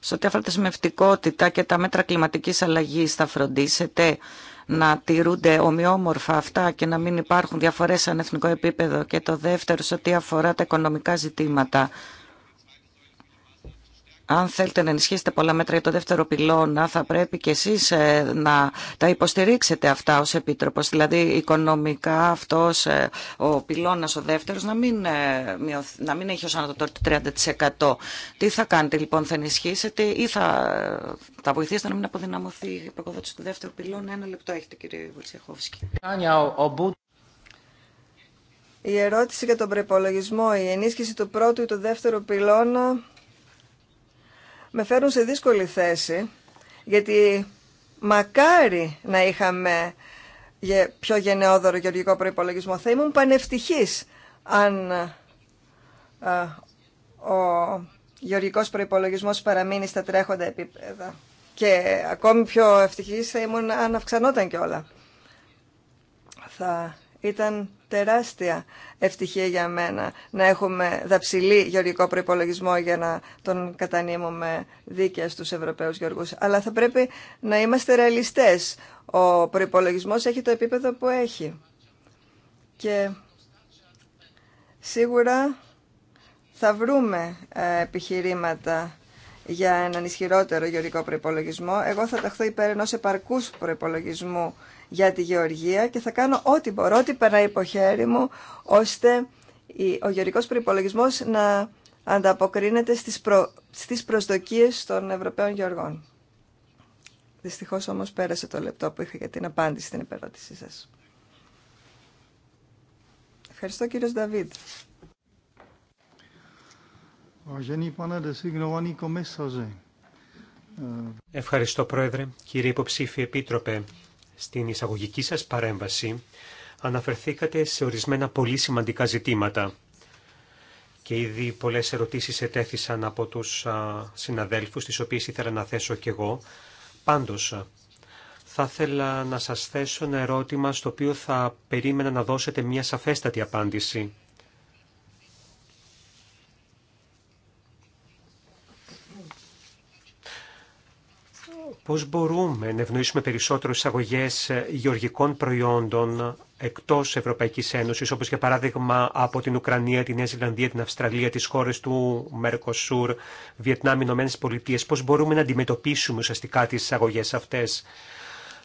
S1: Σε ό,τι αφορά τη σημευτικότητα και τα μέτρα κλιματικής αλλαγής θα φροντίσετε να τηρούνται ομοιόμορφα αυτά και να μην υπάρχουν διαφορές σε εθνικό επίπεδο. Και το δεύτερο, σε ό,τι αφορά τα οικονομικά ζητήματα, αν θέλετε να ενισχύσετε πολλά μέτρα για το δεύτερο πυλώνα, θα πρέπει και εσείς ε, να τα υποστηρίξετε αυτά ως Επίτροπος. Δηλαδή, οικονομικά αυτός ε, ο πυλώνας ο δεύτερος να μην, ε, να μην έχει ως το 30%. Τι θα κάνετε λοιπόν, θα ενισχύσετε ή θα θα βοηθήσετε να μην αποδυναμωθεί η προκοδότηση του δεύτερου πυλώνα. Ένα λεπτό έχετε κύριε Βολτσιαχόφσκι. Η
S2: ερώτηση για τον προπολογισμό, η ενίσχυση του πρώτου ή του δεύτερου πυλώνα με φέρουν σε δύσκολη θέση, γιατί μακάρι να είχαμε πιο γενναιόδωρο γεωργικό προϋπολογισμό. Θα ήμουν πανευτυχής αν ε, ο γεωργικός προϋπολογισμός παραμείνει στα τρέχοντα επίπεδα. Και ακόμη πιο ευτυχής θα ήμουν αν αυξανόταν κιόλα. Θα ήταν τεράστια ευτυχία για μένα να έχουμε δαψιλή γεωργικό προϋπολογισμό για να τον κατανείμουμε δίκαια στους Ευρωπαίους γεωργούς. Αλλά θα πρέπει να είμαστε ρεαλιστές. Ο προϋπολογισμός έχει το επίπεδο που έχει. Και σίγουρα θα βρούμε ε, επιχειρήματα για έναν ισχυρότερο γεωργικό προϋπολογισμό. Εγώ θα ταχθώ υπέρ ενός επαρκούς προϋπολογισμού για τη γεωργία και θα κάνω ό,τι μπορώ, ό,τι περνάει υπό χέρι μου, ώστε ο γεωργικός προπολογισμό να ανταποκρίνεται στις, προ... στις προσδοκίες των Ευρωπαίων γεωργών. Δυστυχώς όμως πέρασε το λεπτό που είχα για την απάντηση στην επερώτησή σας. Ευχαριστώ κύριος Νταβίδ.
S3: Ευχαριστώ Πρόεδρε, κύριε Υποψήφιε Επίτροπε. Στην εισαγωγική σας παρέμβαση αναφερθήκατε σε ορισμένα πολύ σημαντικά ζητήματα και ήδη πολλές ερωτήσεις ετέθησαν από τους συναδέλφους, τις οποίες ήθελα να θέσω κι εγώ. Πάντως, θα ήθελα να σας θέσω ένα ερώτημα στο οποίο θα περίμενα να δώσετε μια σαφέστατη απάντηση. πώς μπορούμε να ευνοήσουμε περισσότερο εισαγωγέ γεωργικών προϊόντων εκτός Ευρωπαϊκής Ένωσης, όπως για παράδειγμα από την Ουκρανία, τη Νέα Ζηλανδία, την Αυστραλία, τις χώρες του Μερκοσούρ, Βιετνάμ, Ηνωμένε Πολιτείε, πώς μπορούμε να αντιμετωπίσουμε ουσιαστικά τις εισαγωγέ αυτές.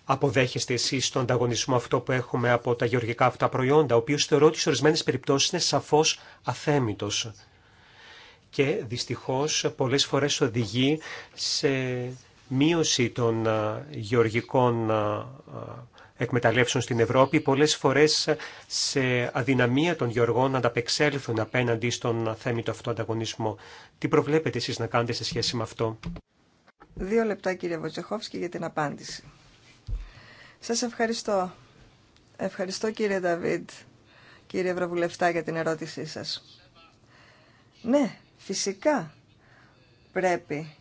S3: Αποδέχεστε εσεί τον ανταγωνισμό αυτό που έχουμε από τα γεωργικά αυτά προϊόντα, ο οποίο θεωρώ ότι σε ορισμένε περιπτώσει είναι σαφώ αθέμητο και δυστυχώ πολλέ φορέ οδηγεί σε μείωση των γεωργικών εκμεταλλεύσεων στην Ευρώπη, πολλές φορές σε αδυναμία των γεωργών να ανταπεξέλθουν απέναντι στον θέμητο αυτό ανταγωνισμό. Τι προβλέπετε εσείς να κάνετε σε σχέση με αυτό.
S2: Δύο λεπτά κύριε Βοτσεχόφσκι για την απάντηση. Σας ευχαριστώ. Ευχαριστώ κύριε Νταβίτ, κύριε Ευρωβουλευτά για την ερώτησή σας. Ναι, φυσικά πρέπει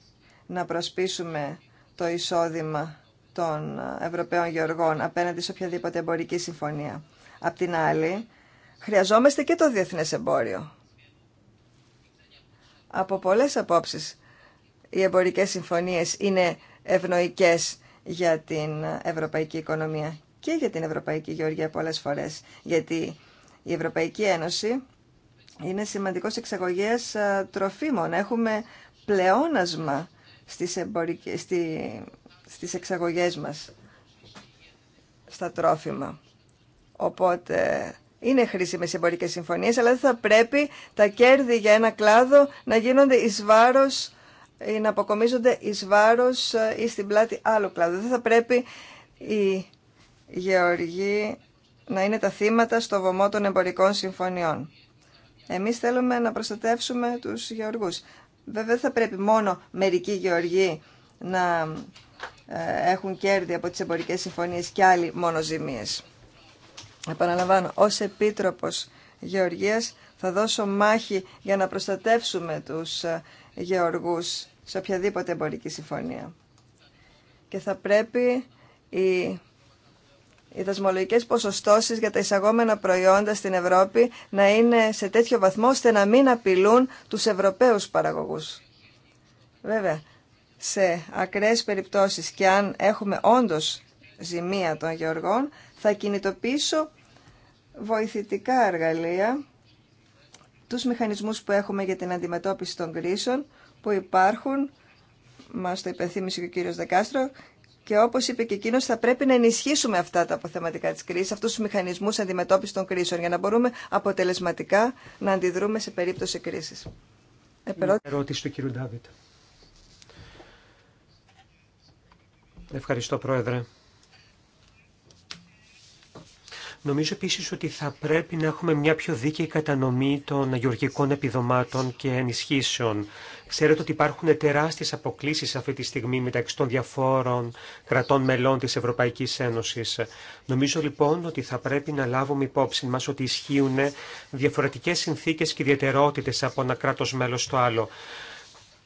S2: να προσπίσουμε το εισόδημα των Ευρωπαίων Γεωργών απέναντι σε οποιαδήποτε εμπορική συμφωνία. Απ' την άλλη, χρειαζόμαστε και το διεθνές εμπόριο. Από πολλές απόψεις, οι εμπορικές συμφωνίες είναι ευνοϊκές για την ευρωπαϊκή οικονομία και για την Ευρωπαϊκή Γεωργία πολλές φορές, γιατί η Ευρωπαϊκή Ένωση είναι σημαντικός εξαγωγέας ε, τροφίμων. Έχουμε πλεόνασμα στις, εμπορικές, στη, στις εξαγωγές μας στα τρόφιμα. Οπότε είναι χρήσιμες οι εμπορικές συμφωνίες, αλλά δεν θα πρέπει τα κέρδη για ένα κλάδο να γίνονται εις βάρος ή να αποκομίζονται εις βάρος ε, ή στην πλάτη άλλου κλάδου. Δεν θα πρέπει οι γεωργοί να είναι τα θύματα στο βωμό των εμπορικών συμφωνιών. Εμείς θέλουμε να προστατεύσουμε τους γεωργούς. Βέβαια θα πρέπει μόνο μερικοί γεωργοί να ε, έχουν κέρδη από τις εμπορικές συμφωνίες και άλλοι μόνο ζημίες. Επαναλαμβάνω, ως Επίτροπος Γεωργίας θα δώσω μάχη για να προστατεύσουμε τους ε, γεωργούς σε οποιαδήποτε εμπορική συμφωνία. Και θα πρέπει η οι δασμολογικέ ποσοστώσεις για τα εισαγόμενα προϊόντα στην Ευρώπη να είναι σε τέτοιο βαθμό ώστε να μην απειλούν τους Ευρωπαίους παραγωγούς. Βέβαια, σε ακραίε περιπτώσεις και αν έχουμε όντω ζημία των γεωργών, θα κινητοποιήσω βοηθητικά εργαλεία, τους μηχανισμούς που έχουμε για την αντιμετώπιση των κρίσεων που υπάρχουν, μας το υπενθύμισε και ο κύριος Δεκάστρο, και όπω είπε και εκείνο, θα πρέπει να ενισχύσουμε αυτά τα αποθεματικά τη κρίση, αυτού του μηχανισμού αντιμετώπιση των κρίσεων, για να μπορούμε αποτελεσματικά να αντιδρούμε σε περίπτωση κρίση.
S3: Ερώτηση του κύριου Ντάβιτ. Ευχαριστώ, Πρόεδρε. Νομίζω επίση ότι θα πρέπει να έχουμε μια πιο δίκαιη κατανομή των γεωργικών επιδομάτων και ενισχύσεων. Ξέρετε ότι υπάρχουν τεράστιες αποκλήσεις αυτή τη στιγμή μεταξύ των διαφόρων κρατών μελών της Ευρωπαϊκής Ένωσης. Νομίζω λοιπόν ότι θα πρέπει να λάβουμε υπόψη μας ότι ισχύουν διαφορετικές συνθήκες και ιδιαιτερότητες από ένα κράτος μέλος στο άλλο.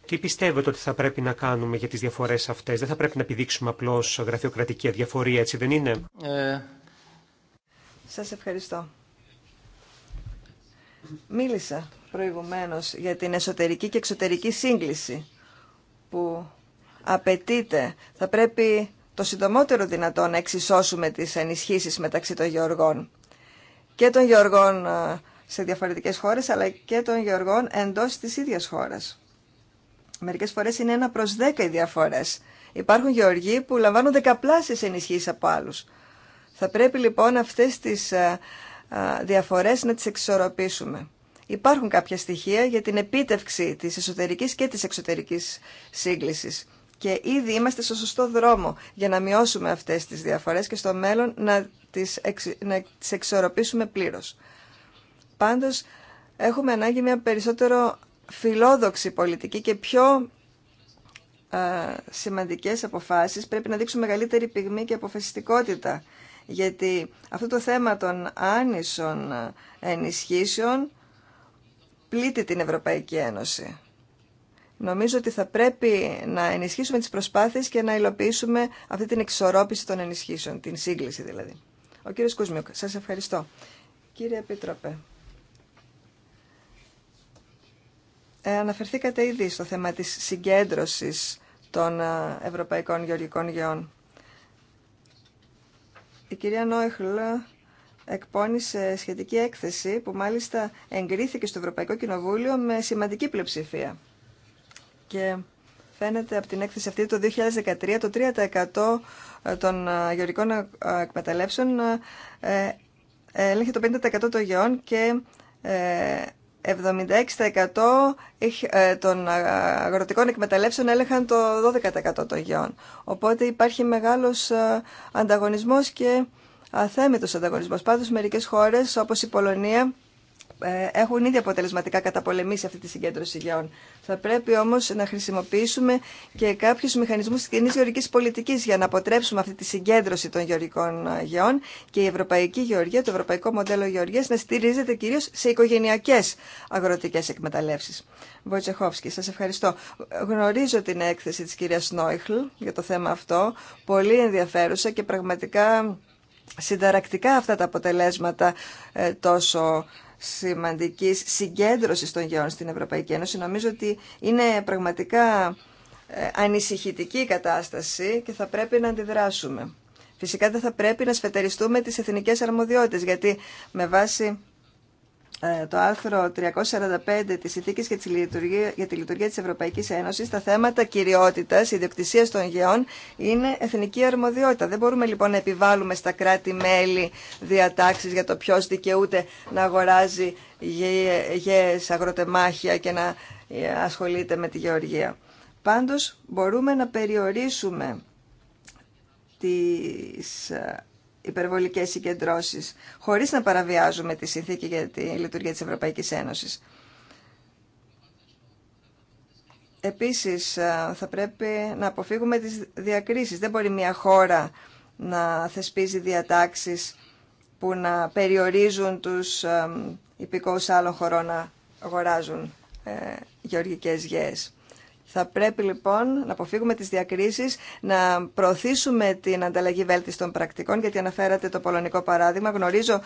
S3: Τι πιστεύετε ότι θα πρέπει να κάνουμε για τις διαφορές αυτές. Δεν θα πρέπει να επιδείξουμε απλώς γραφειοκρατική αδιαφορία, έτσι δεν είναι.
S2: Ε... Σας ευχαριστώ. Μίλησα προηγουμένως για την εσωτερική και εξωτερική σύγκληση που απαιτείται. Θα πρέπει το συντομότερο δυνατό να εξισώσουμε τις ενισχύσεις μεταξύ των γεωργών και των γεωργών ε, σε διαφορετικές χώρες αλλά και των γεωργών εντός της ίδιας χώρας. Μερικές φορές είναι ένα προς δέκα οι διαφορές. Υπάρχουν γεωργοί που λαμβάνουν δεκαπλάσεις ενισχύσεις από άλλους. Θα πρέπει λοιπόν αυτές τις ε, διαφορές να τις εξορροπήσουμε. Υπάρχουν κάποια στοιχεία για την επίτευξη της εσωτερικής και της εξωτερικής σύγκλησης. Και ήδη είμαστε στο σωστό δρόμο για να μειώσουμε αυτές τις διαφορές και στο μέλλον να τις, εξ, να τις εξορροπήσουμε πλήρως. Πάντως, έχουμε ανάγκη μια περισσότερο φιλόδοξη πολιτική και πιο α, σημαντικές αποφάσεις. Πρέπει να δείξουμε μεγαλύτερη πυγμή και αποφασιστικότητα γιατί αυτό το θέμα των άνισων ενισχύσεων πλήττει την Ευρωπαϊκή Ένωση. Νομίζω ότι θα πρέπει να ενισχύσουμε τις προσπάθειες και να υλοποιήσουμε αυτή την εξορόπιση των ενισχύσεων, την σύγκληση δηλαδή. Ο κύριος Κουσμιούκ, σας ευχαριστώ. Κύριε Επίτροπε, ε, αναφερθήκατε ήδη στο θέμα της συγκέντρωσης των ε, ευρωπαϊκών γεωργικών γεών η κυρία Νόιχλ εκπώνησε σχετική έκθεση που μάλιστα εγκρίθηκε στο Ευρωπαϊκό Κοινοβούλιο με σημαντική πλειοψηφία. Και φαίνεται από την έκθεση αυτή το 2013 το 3% ε, των ε, γεωρικών ε, εκμεταλλεύσεων έλεγχε το 50% των γεών και 76% ε, των αγροτικών εκμεταλλεύσεων έλεγχαν το 12% των γεών. Οπότε υπάρχει μεγάλος ε, ανταγωνισμός και αθέμητος ανταγωνισμός. Πάντως μερικές χώρες όπως η Πολωνία ε, έχουν ήδη αποτελεσματικά καταπολεμήσει αυτή τη συγκέντρωση γεών. Θα πρέπει όμω να χρησιμοποιήσουμε και κάποιου μηχανισμού τη κοινή γεωργικής πολιτική για να αποτρέψουμε αυτή τη συγκέντρωση των γεωργικών γεών και η ευρωπαϊκή γεωργία, το ευρωπαϊκό μοντέλο γεωργίας να στηρίζεται κυρίω σε οικογένειακέ αγροτικέ εκμεταλλεύσεις. Βοητσεχόφσκι, σα ευχαριστώ. Γνωρίζω την έκθεση τη κυρία Νόιχλ για το θέμα αυτό. Πολύ ενδιαφέρουσα και πραγματικά συνταρακτικά αυτά τα αποτελέσματα ε, τόσο σημαντικής συγκέντρωσης των γεών στην Ευρωπαϊκή Ένωση. Νομίζω ότι είναι πραγματικά ε, ανησυχητική η κατάσταση και θα πρέπει να αντιδράσουμε. Φυσικά δεν θα πρέπει να σφετεριστούμε τις εθνικές αρμοδιότητες, γιατί με βάση ε, το άρθρο 345 της ηθικής για τη, λειτουργία, για τη λειτουργία της Ευρωπαϊκής Ένωσης τα θέματα κυριότητας, ιδιοκτησίας των γεών είναι εθνική αρμοδιότητα. Δεν μπορούμε λοιπόν να επιβάλλουμε στα κράτη-μέλη διατάξεις για το ποιος δικαιούται να αγοράζει γέες αγροτεμάχια και να ε, ασχολείται με τη γεωργία. Πάντως μπορούμε να περιορίσουμε τις ε, υπερβολικέ συγκεντρώσεις, χωρί να παραβιάζουμε τη συνθήκη για τη λειτουργία τη Ευρωπαϊκή Ένωσης. Επίσης, ε, θα πρέπει να αποφύγουμε τις διακρίσεις. Δεν μπορεί μια χώρα να θεσπίζει διατάξεις που να περιορίζουν τους ε, υπηκόους άλλων χωρών να αγοράζουν ε, γεωργικές γέες. Θα πρέπει λοιπόν να αποφύγουμε τις διακρίσεις, να προωθήσουμε την ανταλλαγή βέλτιστων πρακτικών, γιατί αναφέρατε το πολωνικό παράδειγμα. Γνωρίζω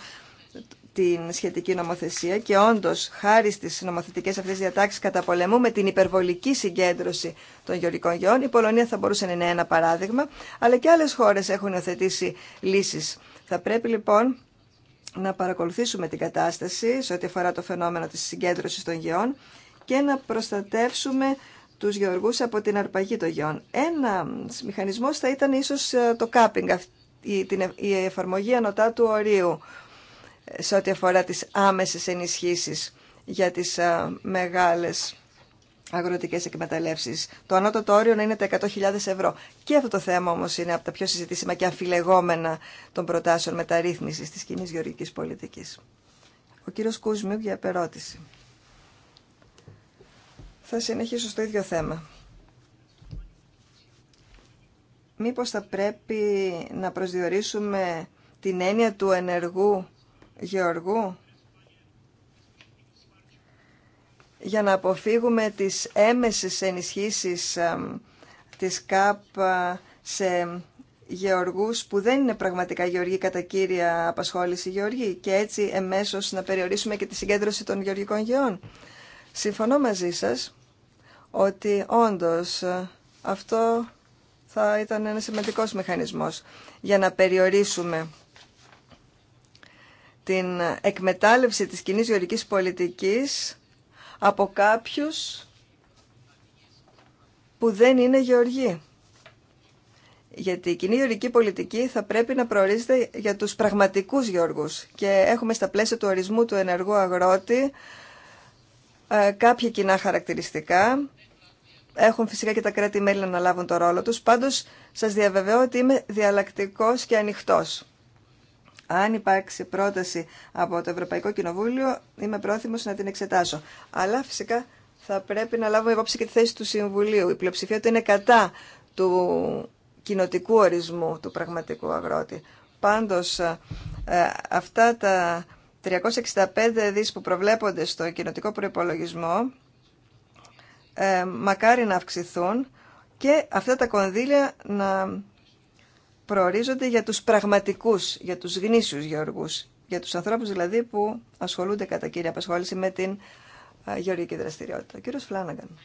S2: την σχετική νομοθεσία και όντως χάρη στις νομοθετικές αυτές διατάξεις καταπολεμούμε την υπερβολική συγκέντρωση των γεωργικών γεών. Η Πολωνία θα μπορούσε να είναι ένα παράδειγμα, αλλά και άλλες χώρες έχουν υιοθετήσει λύσεις. Θα πρέπει λοιπόν να παρακολουθήσουμε την κατάσταση σε ό,τι αφορά το φαινόμενο της συγκέντρωσης των γεών και να προστατεύσουμε τους γεωργούς από την αρπαγή των γεών. Ένα μηχανισμός θα ήταν ίσως ε, το κάπινγκ, η εφαρμογή ανωτά του ορίου ε, σε ό,τι αφορά τις άμεσες ενισχύσεις για τις ε, μεγάλες αγροτικές εκμεταλλεύσεις. Το ανώτατο όριο να είναι τα 100.000 ευρώ. Και αυτό το θέμα όμως είναι από τα πιο συζητήσιμα και αφιλεγόμενα των προτάσεων μεταρρύθμισης της κοινή γεωργικής πολιτικής. Ο κύριος Κούσμιου για επερώτηση. Θα συνεχίσω στο ίδιο θέμα. Μήπως θα πρέπει να προσδιορίσουμε την έννοια του ενεργού γεωργού για να αποφύγουμε τις έμεσες ενισχύσεις ε, της ΚΑΠ ε, σε γεωργούς που δεν είναι πραγματικά γεωργοί κατά κύρια απασχόληση γεωργοί και έτσι εμέσως να περιορίσουμε και τη συγκέντρωση των γεωργικών γεών. Συμφωνώ μαζί σας ότι όντως αυτό θα ήταν ένα σημαντικός μηχανισμός για να περιορίσουμε την εκμετάλλευση της κοινή γεωρικής πολιτικής από κάποιους που δεν είναι γεωργοί. Γιατί η κοινή γεωργική πολιτική θα πρέπει να προορίζεται για τους πραγματικούς γεωργούς. Και έχουμε στα πλαίσια του ορισμού του ενεργού αγρότη ε, κάποια κοινά χαρακτηριστικά έχουν φυσικά και τα κράτη-μέλη να αναλάβουν το ρόλο τους. Πάντως σας διαβεβαιώ ότι είμαι διαλλακτικός και ανοιχτός. Αν υπάρξει πρόταση από το Ευρωπαϊκό Κοινοβούλιο, είμαι πρόθυμος να την εξετάσω. Αλλά φυσικά θα πρέπει να λάβω υπόψη και τη θέση του Συμβουλίου. Η πλειοψηφία του είναι κατά του κοινοτικού ορισμού του πραγματικού αγρότη. Πάντως, ε, αυτά τα 365 δις που προβλέπονται στο κοινοτικό προϋπολογισμό ε, μακάρι να αυξηθούν και αυτά τα κονδύλια να προορίζονται για τους πραγματικούς, για τους γνήσιους γεωργούς, για τους ανθρώπους δηλαδή που ασχολούνται κατά κύρια απασχόληση με την ε, γεωργική δραστηριότητα. Κύριο κύριος Φλάναγκαν.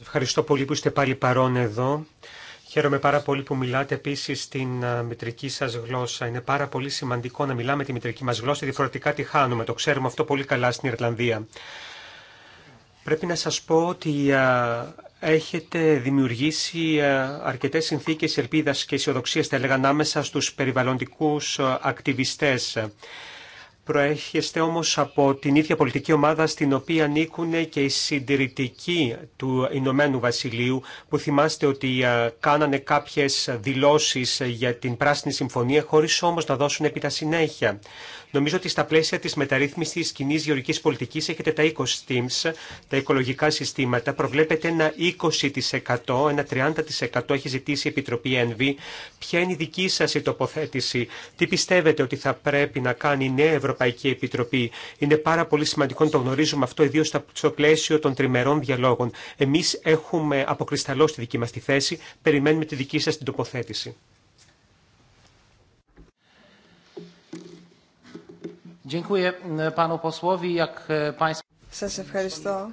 S3: ευχαριστώ πολύ που είστε πάλι παρόν εδώ. Χαίρομαι πάρα πολύ που μιλάτε επίση στην ε, μητρική σα γλώσσα. Είναι πάρα πολύ σημαντικό να μιλάμε τη μητρική μα γλώσσα, διαφορετικά τη χάνουμε. Το ξέρουμε αυτό πολύ καλά στην Ιρλανδία. Πρέπει να σας πω ότι έχετε δημιουργήσει αρκετές συνθήκες ελπίδας και αισιοδοξία, θα έλεγα, ανάμεσα στους περιβαλλοντικούς ακτιβιστές. Προέρχεστε όμως από την ίδια πολιτική ομάδα στην οποία ανήκουν και οι συντηρητικοί του Ηνωμένου Βασιλείου που θυμάστε ότι κάνανε κάποιες δηλώσεις για την Πράσινη Συμφωνία χωρίς όμως να δώσουν επί τα συνέχεια. Νομίζω ότι στα πλαίσια τη μεταρρύθμιση τη κοινή γεωργική πολιτική έχετε τα 20 teams, τα οικολογικά συστήματα. Προβλέπετε ένα 20%, ένα 30% έχει ζητήσει η Επιτροπή ΕΝΒΗ. Ποια είναι η δική σα η τοποθέτηση, τι πιστεύετε ότι θα πρέπει να κάνει η νέα Ευρωπαϊκή Επιτροπή. Είναι πάρα πολύ σημαντικό να το γνωρίζουμε αυτό, ιδίω στο πλαίσιο των τριμερών διαλόγων. Εμεί έχουμε αποκρισταλώσει τη δική μα τη θέση. Περιμένουμε τη δική σα την τοποθέτηση. E, e, Σας ευχαριστώ.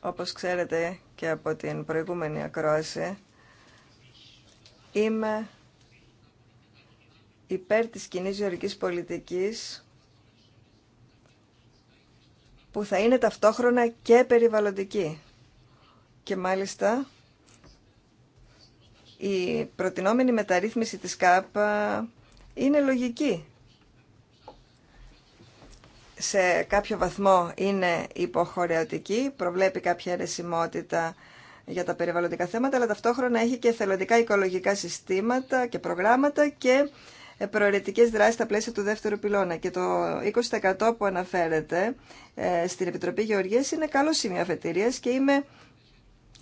S2: Όπως ξέρετε και από την προηγούμενη ακρόαση, είμαι υπέρ της κοινή γεωρικής πολιτικής που θα είναι ταυτόχρονα και περιβαλλοντική. Και μάλιστα η προτινόμενη μεταρρύθμιση της ΚΑΠ ε, είναι λογική σε κάποιο βαθμό είναι υποχωρεωτική, προβλέπει κάποια αιρεσιμότητα για τα περιβαλλοντικά θέματα, αλλά ταυτόχρονα έχει και θελοντικά οικολογικά συστήματα και προγράμματα και προαιρετικέ δράσει στα πλαίσια του δεύτερου πυλώνα. Και το 20% που αναφέρεται ε, στην Επιτροπή Γεωργία είναι καλό σημείο αφετηρία και είμαι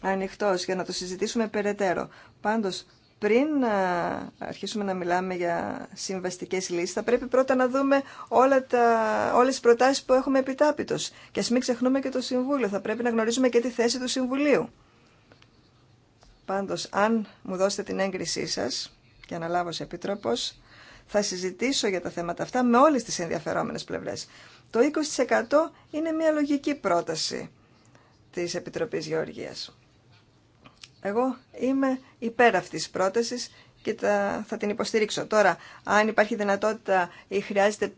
S2: ανοιχτό για να το συζητήσουμε περαιτέρω πριν ε, αρχίσουμε να μιλάμε για συμβαστικές λύσεις, θα πρέπει πρώτα να δούμε όλα τα, όλες τις προτάσεις που έχουμε επιτάπητος. Και ας μην ξεχνούμε και το Συμβούλιο. Θα πρέπει να γνωρίζουμε και τη θέση του Συμβουλίου. Πάντως, αν μου δώσετε την έγκρισή σας και αναλάβω σε επίτροπος, θα συζητήσω για τα θέματα αυτά με όλες τις ενδιαφερόμενες πλευρές. Το 20% είναι μια λογική πρόταση της Επιτροπής Γεωργίας. Εγώ είμαι υπέρ αυτής της πρότασης και θα την υποστηρίξω. Τώρα, αν υπάρχει δυνατότητα ή χρειάζεται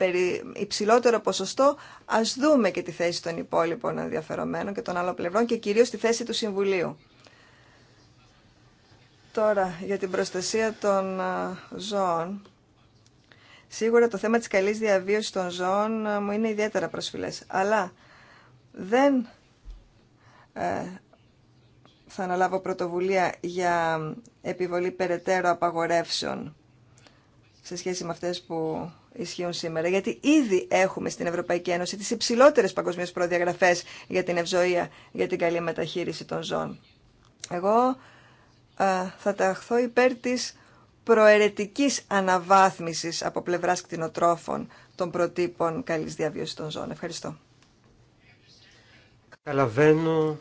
S2: υψηλότερο ποσοστό, ας δούμε και τη θέση των υπόλοιπων ενδιαφερομένων και των άλλων πλευρών και κυρίως τη θέση του Συμβουλίου. Τώρα, για την προστασία των ζώων. Σίγουρα το θέμα της καλής διαβίωσης των ζώων μου είναι ιδιαίτερα προσφυλές. Αλλά δεν ε, θα αναλάβω πρωτοβουλία για επιβολή περαιτέρω απαγορεύσεων σε σχέση με αυτές που ισχύουν σήμερα. Γιατί ήδη έχουμε στην Ευρωπαϊκή Ένωση τις υψηλότερες παγκοσμίες προδιαγραφές για την ευζοία, για την καλή μεταχείριση των ζώων. Εγώ α, θα ταχθώ υπέρ της προαιρετικής αναβάθμισης από πλευρά κτηνοτρόφων των προτύπων καλής διαβίωσης των ζώων. Ευχαριστώ.
S3: Καλαβαίνω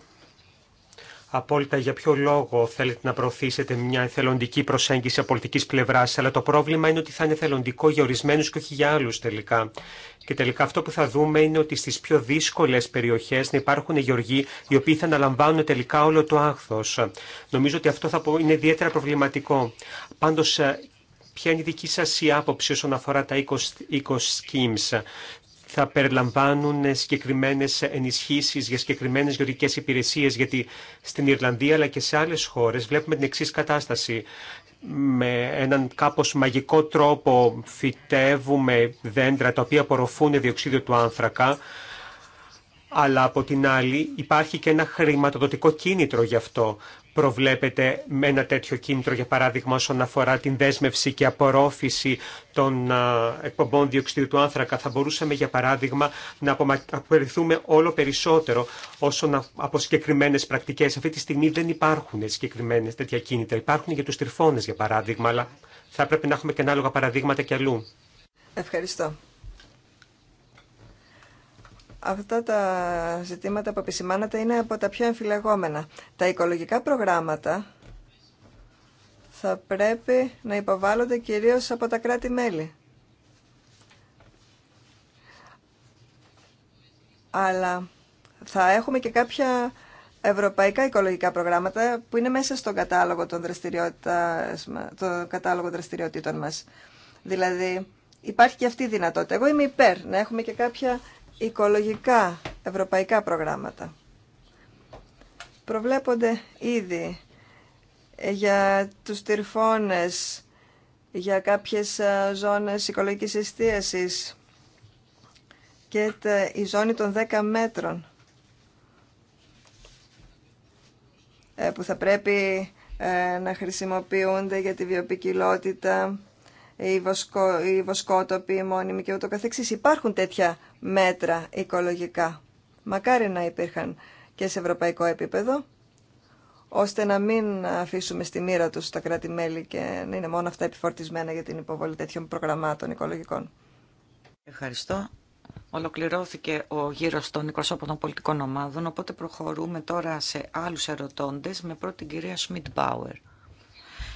S3: απόλυτα για ποιο λόγο θέλετε να προωθήσετε μια εθελοντική προσέγγιση από πολιτική πλευρά, αλλά το πρόβλημα είναι ότι θα είναι εθελοντικό για ορισμένου και όχι για άλλου τελικά. Και τελικά αυτό που θα δούμε είναι ότι στι πιο δύσκολε περιοχέ να υπάρχουν γεωργοί οι οποίοι θα αναλαμβάνουν τελικά όλο το άγχο. Νομίζω ότι αυτό θα είναι ιδιαίτερα προβληματικό. Πάντω, ε, Ποια είναι η δική σας η άποψη όσον αφορά τα 20, 20 schemes θα περιλαμβάνουν συγκεκριμένε ενισχύσει για συγκεκριμένε γεωργικέ υπηρεσίε, γιατί στην Ιρλανδία αλλά και σε άλλε χώρε βλέπουμε την εξή κατάσταση. Με έναν κάπω μαγικό τρόπο φυτεύουμε δέντρα τα οποία απορροφούν διοξίδιο του άνθρακα, αλλά από την άλλη υπάρχει και ένα χρηματοδοτικό κίνητρο γι' αυτό προβλέπεται με ένα τέτοιο κίνητρο, για παράδειγμα, όσον αφορά την δέσμευση και απορρόφηση των εκπομπών διοξιδίου του άνθρακα. Θα μπορούσαμε, για παράδειγμα, να απορριθούμε όλο περισσότερο όσον από συγκεκριμένε πρακτικέ. Αυτή τη στιγμή δεν υπάρχουν συγκεκριμένε τέτοια κίνητρα. Υπάρχουν για του τυρφώνε, για παράδειγμα, αλλά θα πρέπει να έχουμε και ανάλογα παραδείγματα κι αλλού.
S2: Ευχαριστώ. Αυτά τα ζητήματα που επισημάνατε είναι από τα πιο εμφυλεγόμενα. Τα οικολογικά προγράμματα θα πρέπει να υποβάλλονται κυρίως από τα κράτη-μέλη. Αλλά θα έχουμε και κάποια ευρωπαϊκά οικολογικά προγράμματα που είναι μέσα στον κατάλογο των, το κατάλογο δραστηριοτήτων μας. Δηλαδή υπάρχει και αυτή η δυνατότητα. Εγώ είμαι υπέρ να έχουμε και κάποια οικολογικά ευρωπαϊκά προγράμματα. Προβλέπονται ήδη ε, για τους τυρφώνες, για κάποιες ε, ζώνες οικολογικής εστίασης και η ζώνη των 10 μέτρων ε, που θα πρέπει να χρησιμοποιούνται για τη βιοπικιλότητα οι, βοσκο, οι βοσκότοποι, οι μόνιμοι και ούτω καθεξής. Υπάρχουν τέτοια μέτρα οικολογικά. Μακάρι να υπήρχαν και σε ευρωπαϊκό επίπεδο, ώστε να μην αφήσουμε στη μοίρα τους τα κράτη-μέλη και να είναι μόνο αυτά επιφορτισμένα για την υποβολή τέτοιων προγραμμάτων οικολογικών.
S1: Ευχαριστώ. Ολοκληρώθηκε ο γύρος των εκπροσώπων των πολιτικών ομάδων, οπότε προχωρούμε τώρα σε άλλους ερωτώντες με πρώτη κυρία Σμιτ Μπάουερ.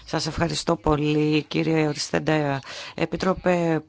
S1: Σας ευχαριστώ πολύ κύριε Οριστέντα Επίτροπε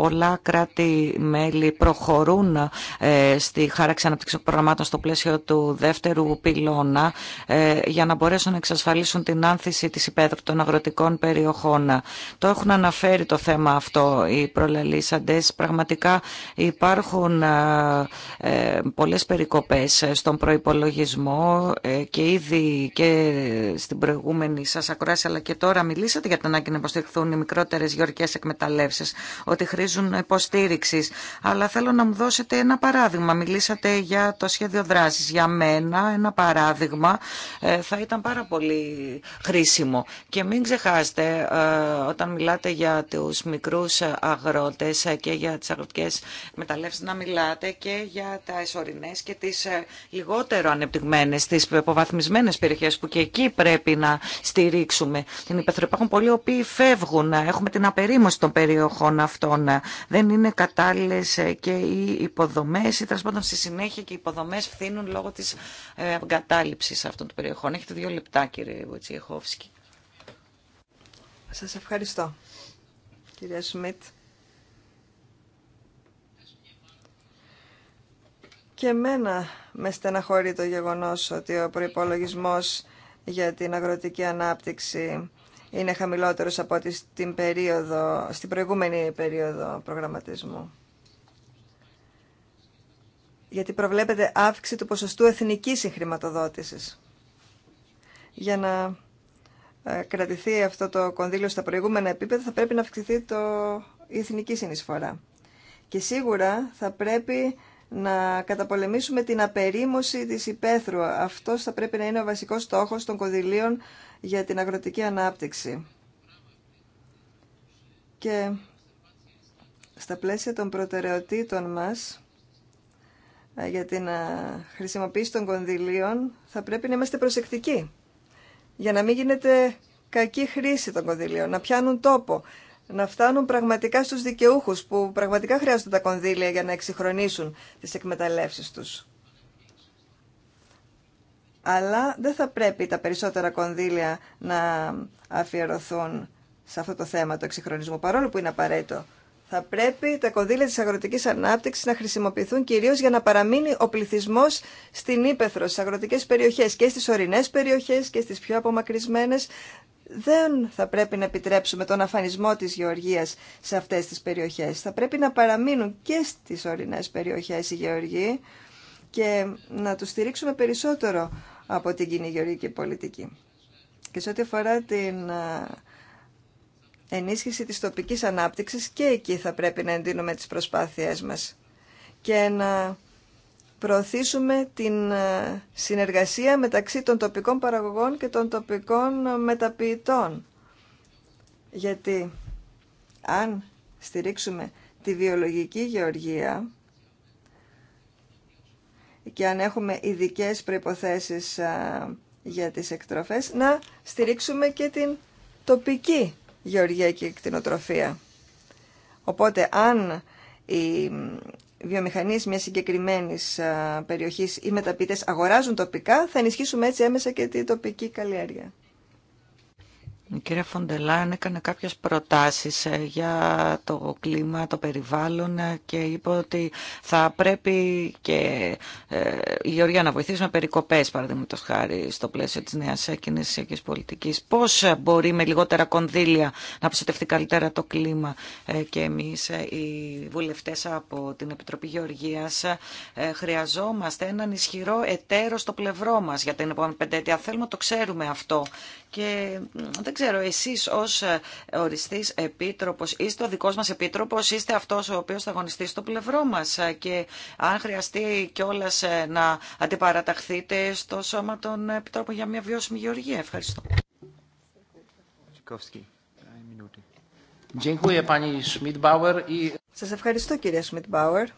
S1: πολλά κράτη-μέλη προχωρούν ε, στη χάραξη αναπτυξιακών προγραμμάτων στο πλαίσιο του δεύτερου πυλώνα ε, για να μπορέσουν να εξασφαλίσουν την άνθηση της υπέδρου των αγροτικών περιοχών. Το έχουν αναφέρει το θέμα αυτό οι προλαλήσαντες. Πραγματικά υπάρχουν ε, πολλές περικοπές στον προϋπολογισμό και ήδη και στην προηγούμενη σας ακρόαση αλλά και τώρα μιλήσατε για την ανάγκη να υποστηριχθούν οι μικρότερες γεωργικές εκμεταλλεύσεις ότι χρήζουν υποστήριξη. Αλλά θέλω να μου δώσετε ένα παράδειγμα. Μιλήσατε για το σχέδιο δράση. Για μένα, ένα παράδειγμα ε, θα ήταν πάρα πολύ χρήσιμο. Και μην ξεχάσετε, ε, όταν μιλάτε για του μικρού αγρότε και για τι αγροτικέ μεταλλεύσει, να μιλάτε και για τα εσωρινέ και τι ε, λιγότερο ανεπτυγμένε, τι υποβαθμισμένε περιοχέ που και εκεί πρέπει να στηρίξουμε την υπεθρο. Υπάρχουν πολλοί οποίοι φεύγουν. Έχουμε την απερίμωση των περιοχών αυτών δεν είναι κατάλληλες ε, και οι υποδομές ή στη συνέχεια και οι υποδομές φθήνουν λόγω της ε, εγκατάλειψης αυτών των περιοχών. Έχετε δύο λεπτά κύριε Βουτσίεχοφσκι. Σας ευχαριστώ κυρία Σμιτ.
S2: Και εμένα με στεναχωρεί το γεγονός ότι ο προϋπολογισμός για την αγροτική ανάπτυξη είναι χαμηλότερος από ό,τι στην, περίοδο, στην προηγούμενη περίοδο προγραμματισμού. Γιατί προβλέπεται αύξηση του ποσοστού εθνικής συγχρηματοδότησης. Για να ε, κρατηθεί αυτό το κονδύλιο στα προηγούμενα επίπεδα θα πρέπει να αυξηθεί το, η εθνική συνεισφορά. Και σίγουρα θα πρέπει να καταπολεμήσουμε την απερίμωση της υπαίθρου. Αυτός θα πρέπει να είναι ο βασικός στόχος των κονδυλίων για την αγροτική ανάπτυξη. Και στα πλαίσια των προτεραιοτήτων μας ε, για την ε, χρησιμοποίηση των κονδυλίων θα πρέπει να είμαστε προσεκτικοί για να μην γίνεται κακή χρήση των κονδυλίων, να πιάνουν τόπο, να φτάνουν πραγματικά στους δικαιούχους που πραγματικά χρειάζονται τα κονδύλια για να εξυγχρονίσουν τις εκμεταλλεύσεις τους. Αλλά δεν θα πρέπει τα περισσότερα κονδύλια να αφιερωθούν σε αυτό το θέμα του εξυγχρονισμού, παρόλο που είναι απαραίτητο θα πρέπει τα κονδύλια της αγροτικής ανάπτυξης να χρησιμοποιηθούν κυρίως για να παραμείνει ο πληθυσμό στην ύπεθρο, στι αγροτικέ περιοχέ και στις ορεινέ περιοχές και στις πιο απομακρυσμένες. Δεν θα πρέπει να επιτρέψουμε τον αφανισμό της γεωργίας σε αυτές τις περιοχές. Θα πρέπει να παραμείνουν και στις ορεινές περιοχές οι γεωργοί και να τους στηρίξουμε περισσότερο από την κοινή γεωργική πολιτική. Και σε ό,τι αφορά την ενίσχυση της τοπικής ανάπτυξης και εκεί θα πρέπει να εντείνουμε τις προσπάθειές μας και να προωθήσουμε την ε, συνεργασία μεταξύ των τοπικών παραγωγών και των τοπικών ε, μεταποιητών. Γιατί αν στηρίξουμε τη βιολογική γεωργία και αν έχουμε ειδικέ προϋποθέσεις ε, για τις εκτροφές, να στηρίξουμε και την τοπική γεωργία και κτηνοτροφία. Οπότε αν οι βιομηχανίες μιας συγκεκριμένης περιοχής ή μεταπίτες αγοράζουν τοπικά, θα ενισχύσουμε έτσι έμεσα και την τοπική καλλιέργεια.
S1: Η κυρία Φοντελάν έκανε κάποιες προτάσεις ε, για το κλίμα, το περιβάλλον ε, και είπε ότι θα πρέπει και ε, η Γεωργία να βοηθήσει με περικοπές, παραδείγματο χάρη, στο πλαίσιο της νέας κοινωνικής πολιτικής. Πώς μπορεί με λιγότερα κονδύλια να προστατευτεί καλύτερα το κλίμα και εμείς οι βουλευτές από την Επιτροπή Γεωργίας χρειαζόμαστε έναν ισχυρό εταίρο στο πλευρό μας για την επόμενη πεντέτεια. Θέλουμε το ξέρουμε αυτό και ξέρω, εσείς ως ε, οριστής επίτροπος, είστε ο δικό μας επίτροπος, είστε αυτός ο οποίος θα αγωνιστεί στο πλευρό μας ε, και αν χρειαστεί κιόλα ε, να αντιπαραταχθείτε στο σώμα των επιτρόπων για μια βιώσιμη γεωργία. Ευχαριστώ.
S2: Σα ευχαριστώ κυρία Σμιτμπάουερ.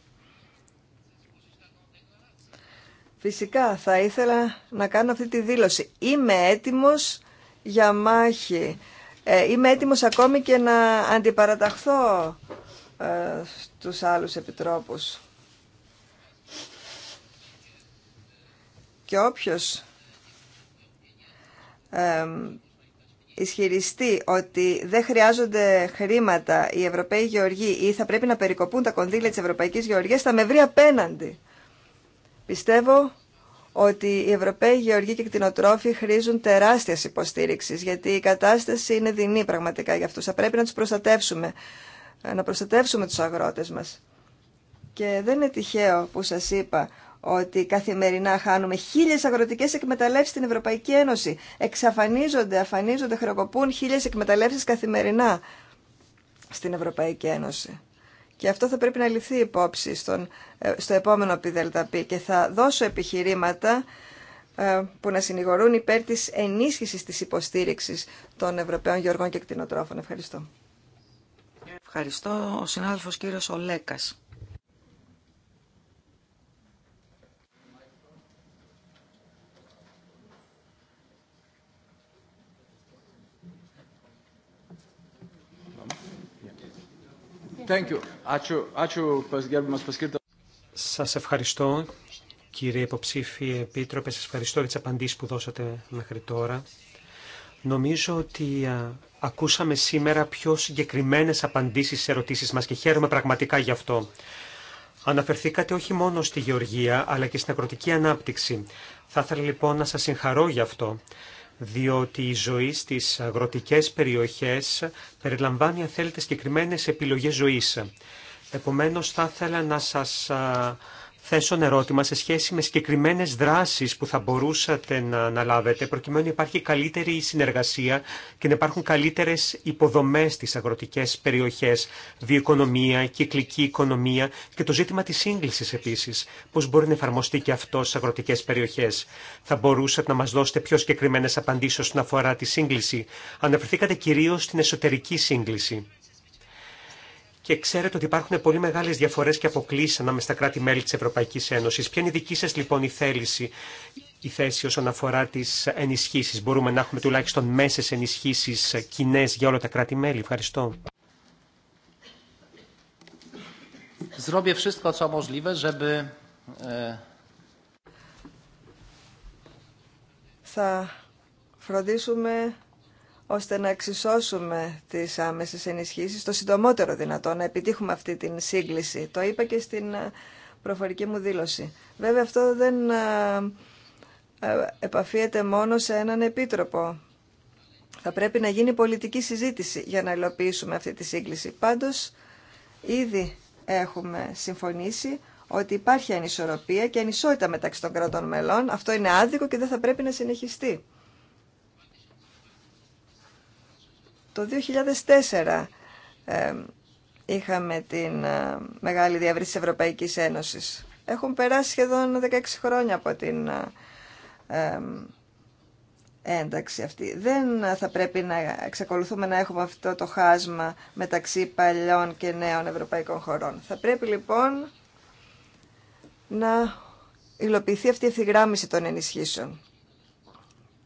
S2: Φυσικά θα ήθελα να κάνω αυτή τη δήλωση. Είμαι έτοιμος για μάχη. Ε, είμαι έτοιμος ακόμη και να αντιπαραταχθώ ε, στους άλλους επιτρόπους. Και όποιος ε, ισχυριστεί ότι δεν χρειάζονται χρήματα οι Ευρωπαίοι Γεωργοί ή θα πρέπει να περικοπούν τα κονδύλια της Ευρωπαϊκής Γεωργίας, θα με βρει απέναντι. Πιστεύω ότι οι Ευρωπαίοι γεωργοί και κτηνοτρόφοι χρήζουν τεράστια υποστήριξη, γιατί η κατάσταση είναι δεινή πραγματικά για αυτού. Θα πρέπει να του προστατεύσουμε, να προστατεύσουμε του αγρότε μα. Και δεν είναι τυχαίο που σα είπα ότι καθημερινά χάνουμε χίλιε αγροτικέ εκμεταλλεύσει στην Ευρωπαϊκή Ένωση. Εξαφανίζονται, αφανίζονται, χρεοκοπούν χίλιε εκμεταλλεύσει καθημερινά στην Ευρωπαϊκή Ένωση. Και αυτό θα πρέπει να ληφθεί υπόψη στον, ε, στο επόμενο ΠΔΠ και θα δώσω επιχειρήματα ε, που να συνηγορούν υπέρ της ενίσχυσης της υποστήριξης των Ευρωπαίων Γεωργών και Κτηνοτρόφων. Ευχαριστώ. Ευχαριστώ ο συνάδελφος
S1: κύριος Ολέκας.
S3: Σας ευχαριστώ, κύριε υποψήφιε επίτροπε. Σας ευχαριστώ για τις απαντήσεις που δώσατε μέχρι τώρα. Νομίζω ότι ακούσαμε σήμερα πιο συγκεκριμένες απαντήσεις σε ερωτήσεις μας και χαίρομαι πραγματικά γι' αυτό. Αναφερθήκατε όχι μόνο στη γεωργία, αλλά και στην ακροτική ανάπτυξη. Θα ήθελα λοιπόν να σας συγχαρώ γι' αυτό διότι η ζωή στις αγροτικές περιοχές περιλαμβάνει, αν θέλετε, συγκεκριμένες επιλογές ζωής. Επομένως, θα ήθελα να σας θέσω ένα ερώτημα σε σχέση με συγκεκριμένε δράσει που θα μπορούσατε να αναλάβετε προκειμένου να υπάρχει καλύτερη συνεργασία και να υπάρχουν καλύτερε υποδομέ στις αγροτικέ περιοχέ, βιοοικονομία, κυκλική οικονομία και το ζήτημα τη σύγκληση επίση. Πώ μπορεί να εφαρμοστεί και αυτό στις αγροτικέ περιοχέ, Θα μπορούσατε να μα δώσετε πιο συγκεκριμένε απαντήσει όσον αφορά τη σύγκληση. Αναφερθήκατε κυρίω στην εσωτερική σύγκληση και ξέρετε ότι υπάρχουν πολύ μεγάλες διαφορές και αποκλήσει ανάμεσα στα κράτη-μέλη της Ευρωπαϊκής Ένωσης. Ποια είναι η δική σα λοιπόν η θέληση, η θέση όσον αφορά τις ενισχύσεις. Μπορούμε να έχουμε τουλάχιστον μέσες ενισχύσεις κοινέ για όλα τα κράτη-μέλη. Ευχαριστώ. Zrobię wszystko, co możliwe, żeby... E,
S2: Θα φροντίσουμε ώστε να εξισώσουμε τις άμεσες ενισχύσεις το συντομότερο δυνατό, να επιτύχουμε αυτή την σύγκληση. Το είπα και στην ε, προφορική μου δήλωση. Βέβαια αυτό δεν ε, ε, επαφίεται μόνο σε έναν επίτροπο. Θα πρέπει να γίνει πολιτική συζήτηση για να υλοποιήσουμε αυτή τη σύγκληση. Πάντως, ήδη έχουμε συμφωνήσει ότι υπάρχει ανισορροπία και ανισότητα μεταξύ των κρατών μελών. Αυτό είναι άδικο και δεν θα πρέπει να συνεχιστεί. Το 2004 ε, είχαμε την ε, μεγάλη διαβρύση της Ευρωπαϊκής Ένωσης. Έχουν περάσει σχεδόν 16 χρόνια από την ε, ένταξη αυτή. Δεν θα πρέπει να εξακολουθούμε να έχουμε αυτό το χάσμα μεταξύ παλιών και νέων ευρωπαϊκών χωρών. Θα πρέπει λοιπόν να υλοποιηθεί αυτή η ευθυγράμμιση των ενισχύσεων.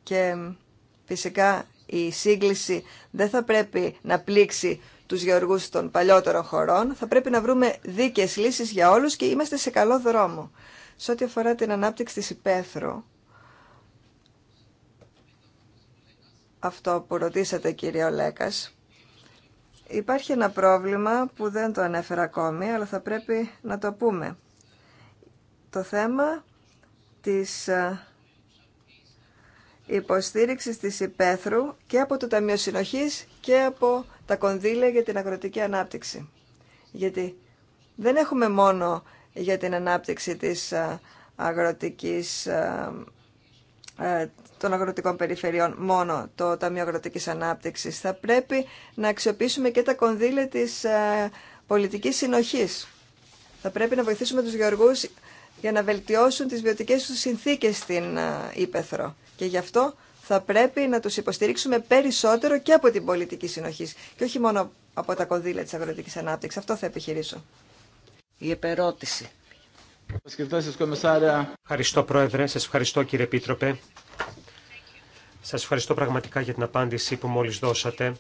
S2: Και φυσικά η σύγκληση δεν θα πρέπει να πλήξει τους γεωργούς των παλιότερων χωρών, θα πρέπει να βρούμε δίκαιες λύσεις για όλους και είμαστε σε καλό δρόμο. Σε ό,τι αφορά την ανάπτυξη της υπαίθρου, αυτό που ρωτήσατε κύριε Ολέκας, υπάρχει ένα πρόβλημα που δεν το ανέφερα ακόμη, αλλά θα πρέπει να το πούμε. Το θέμα της ε, υποστήριξη της υπαίθρου και από το Ταμείο συνοχή και από τα κονδύλια για την αγροτική ανάπτυξη. Γιατί δεν έχουμε μόνο για την ανάπτυξη της αγροτικής, των αγροτικών περιφερειών μόνο το Ταμείο Αγροτικής Ανάπτυξης. Θα πρέπει να αξιοποιήσουμε και τα κονδύλια της πολιτικής συνοχής. Θα πρέπει να βοηθήσουμε τους γεωργούς για να βελτιώσουν τις βιωτικές τους συνθήκες στην Ήπεθρο. Και γι' αυτό θα πρέπει να τους υποστηρίξουμε περισσότερο και από την πολιτική συνοχή και όχι μόνο από τα κονδύλια της αγροτικής ανάπτυξης. Αυτό θα επιχειρήσω.
S1: Η επερώτηση.
S3: Ευχαριστώ Πρόεδρε, σας ευχαριστώ κύριε Επίτροπε. Σας ευχαριστώ πραγματικά για την απάντηση που μόλις δώσατε.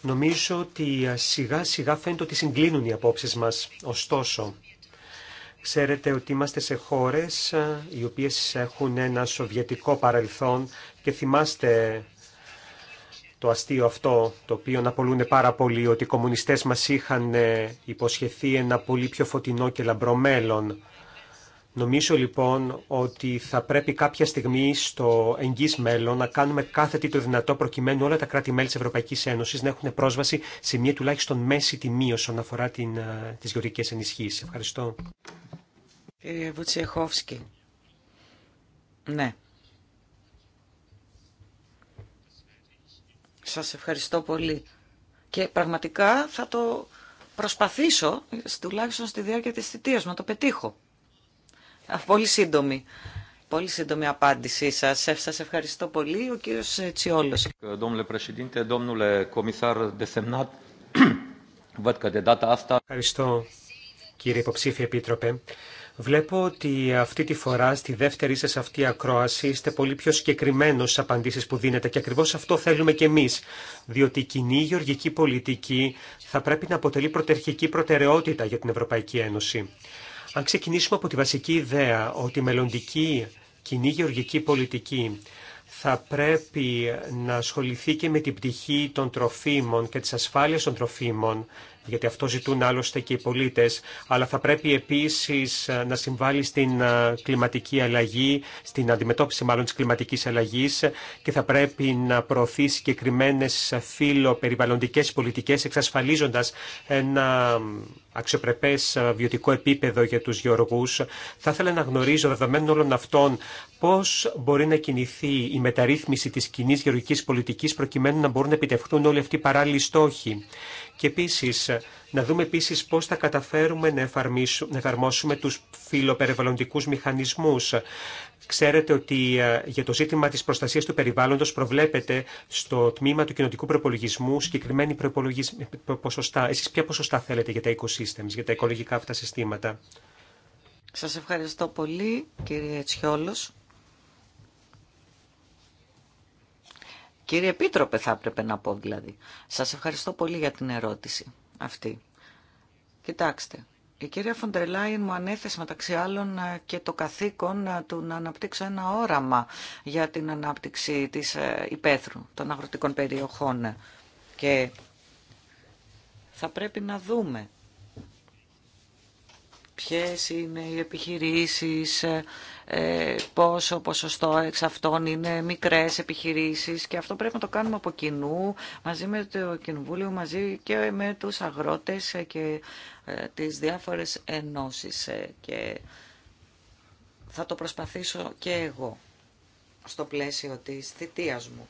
S3: Νομίζω ότι σιγά σιγά φαίνεται ότι συγκλίνουν οι απόψεις μας. Ωστόσο, Ξέρετε ότι είμαστε σε χώρες ε, οι οποίες έχουν ένα σοβιετικό παρελθόν και θυμάστε το αστείο αυτό, το οποίο να πάρα πολύ, ότι οι κομμουνιστές μας είχαν ε, υποσχεθεί ένα πολύ πιο φωτεινό και λαμπρό μέλλον. Νομίζω λοιπόν ότι θα πρέπει κάποια στιγμή στο εγγύ μέλλον να κάνουμε κάθε τι το δυνατό προκειμένου όλα τα κράτη-μέλη τη Ευρωπαϊκή Ένωση να έχουν πρόσβαση σε μία τουλάχιστον μέση τιμή όσον αφορά ε, τι γεωργικέ ενισχύσει. Ευχαριστώ.
S1: Κύριε Βουτσεχόφσκι. Ναι. Σας ευχαριστώ πολύ. Και πραγματικά θα το προσπαθήσω, τουλάχιστον στη διάρκεια της θητείας, να το πετύχω. Πολύ σύντομη. Πολύ σύντομη απάντησή σα. Ε, σα ευχαριστώ πολύ. Ο κύριος Τσιόλος.
S3: Ευχαριστώ κύριε υποψήφιε επίτροπε. Βλέπω ότι αυτή τη φορά, στη δεύτερη σα αυτή ακρόαση, είστε πολύ πιο συγκεκριμένο στι απαντήσει που δίνετε και ακριβώ αυτό θέλουμε και εμεί, διότι η κοινή γεωργική πολιτική θα πρέπει να αποτελεί πρωτερχική προτεραιότητα για την Ευρωπαϊκή Ένωση. Αν ξεκινήσουμε από τη βασική ιδέα ότι η μελλοντική κοινή γεωργική πολιτική θα πρέπει να ασχοληθεί και με την πτυχή των τροφίμων και της ασφάλειας των τροφίμων γιατί αυτό ζητούν άλλωστε και οι πολίτες, αλλά θα πρέπει επίσης ε, να συμβάλλει στην ε, κλιματική αλλαγή, στην αντιμετώπιση μάλλον της κλιματικής αλλαγής και θα πρέπει να προωθεί συγκεκριμένε ε, φύλλο-περιβαλλοντικές πολιτικές εξασφαλίζοντας ένα αξιοπρεπές βιωτικό επίπεδο για τους γεωργούς. Θα ήθελα να γνωρίζω δεδομένων όλων αυτών πώς μπορεί να κινηθεί η μεταρρύθμιση της κοινή γεωργικής πολιτικής προκειμένου να μπορούν να επιτευχθούν όλοι αυτοί οι παράλληλοι στόχοι. Και επίση, να δούμε επίση πώς θα καταφέρουμε να, να εφαρμόσουμε του φιλοπεριβαλλοντικούς μηχανισμούς. Ξέρετε ότι ε, για το ζήτημα της προστασίας του περιβάλλοντος προβλέπεται στο τμήμα του κοινοτικού προπολογισμού συγκεκριμένη ποσοστά. Εσείς ποια ποσοστά θέλετε για τα ecosystems, για τα οικολογικά αυτά συστήματα.
S1: Σας ευχαριστώ πολύ κύριε Τσιόλος.
S3: Κύριε Επίτροπε θα έπρεπε
S1: να πω δηλαδή. Σας ευχαριστώ πολύ για την ερώτηση αυτή. Κοιτάξτε, η κυρία Φοντερλάιν μου ανέθεσε μεταξύ άλλων ε, και το καθήκον ε, του να αναπτύξω ένα όραμα για την ανάπτυξη της ε, υπαίθρου των αγροτικών περιοχών. Και θα πρέπει να δούμε ποιες είναι οι επιχειρήσεις, ε, πόσο ποσοστό εξ αυτών είναι μικρές επιχειρήσεις και αυτό πρέπει να το κάνουμε από κοινού, μαζί με το Κοινοβούλιο, μαζί και με τους αγρότες και ε, τις διάφορες ενώσεις ε, και θα το προσπαθήσω και εγώ στο πλαίσιο της θητείας μου.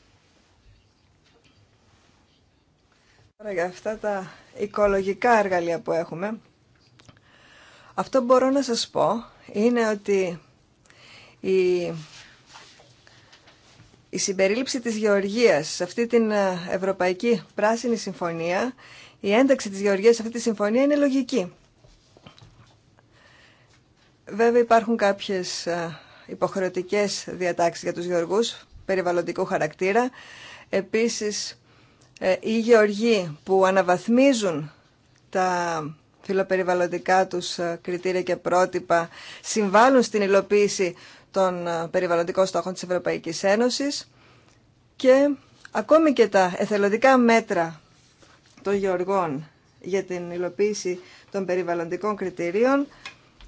S2: Για αυτά τα οικολογικά εργαλεία που έχουμε, αυτό που μπορώ να σας πω είναι ότι η, η συμπερίληψη της Γεωργίας σε αυτή την ε, Ευρωπαϊκή Πράσινη Συμφωνία, η ένταξη της Γεωργίας σε αυτή τη συμφωνία είναι λογική. Βέβαια υπάρχουν κάποιες ε, υποχρεωτικές διατάξεις για τους γεωργούς περιβαλλοντικού χαρακτήρα. Επίσης, ε, οι γεωργοί που αναβαθμίζουν τα φιλοπεριβαλλοντικά τους ε, κριτήρια και πρότυπα συμβάλλουν στην υλοποίηση των ε, περιβαλλοντικών στόχων της Ευρωπαϊκής Ένωσης και ακόμη και τα εθελοντικά μέτρα των γεωργών για την υλοποίηση των περιβαλλοντικών κριτηρίων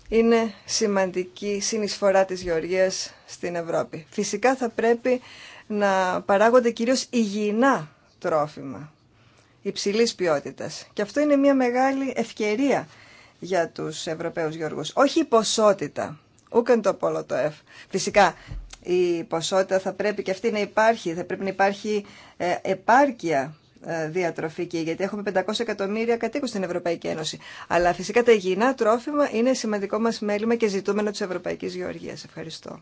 S2: είναι σημαντική συνεισφορά της γεωργίας στην Ευρώπη. Φυσικά θα πρέπει να παράγονται κυρίως υγιεινά τρόφιμα υψηλής ποιότητας. Και αυτό είναι μια μεγάλη ευκαιρία για τους Ευρωπαίους Γιώργους. Όχι η ποσότητα, ούκεν το πόλο το Φυσικά η ποσότητα θα πρέπει και αυτή να υπάρχει, θα πρέπει να υπάρχει ε, επάρκεια ε, διατροφική, γιατί έχουμε 500 εκατομμύρια κατοίκους στην Ευρωπαϊκή Ένωση. Αλλά φυσικά τα υγιεινά τρόφιμα είναι σημαντικό μας μέλημα και ζητούμενο της Ευρωπαϊκής Γεωργίας. Ευχαριστώ.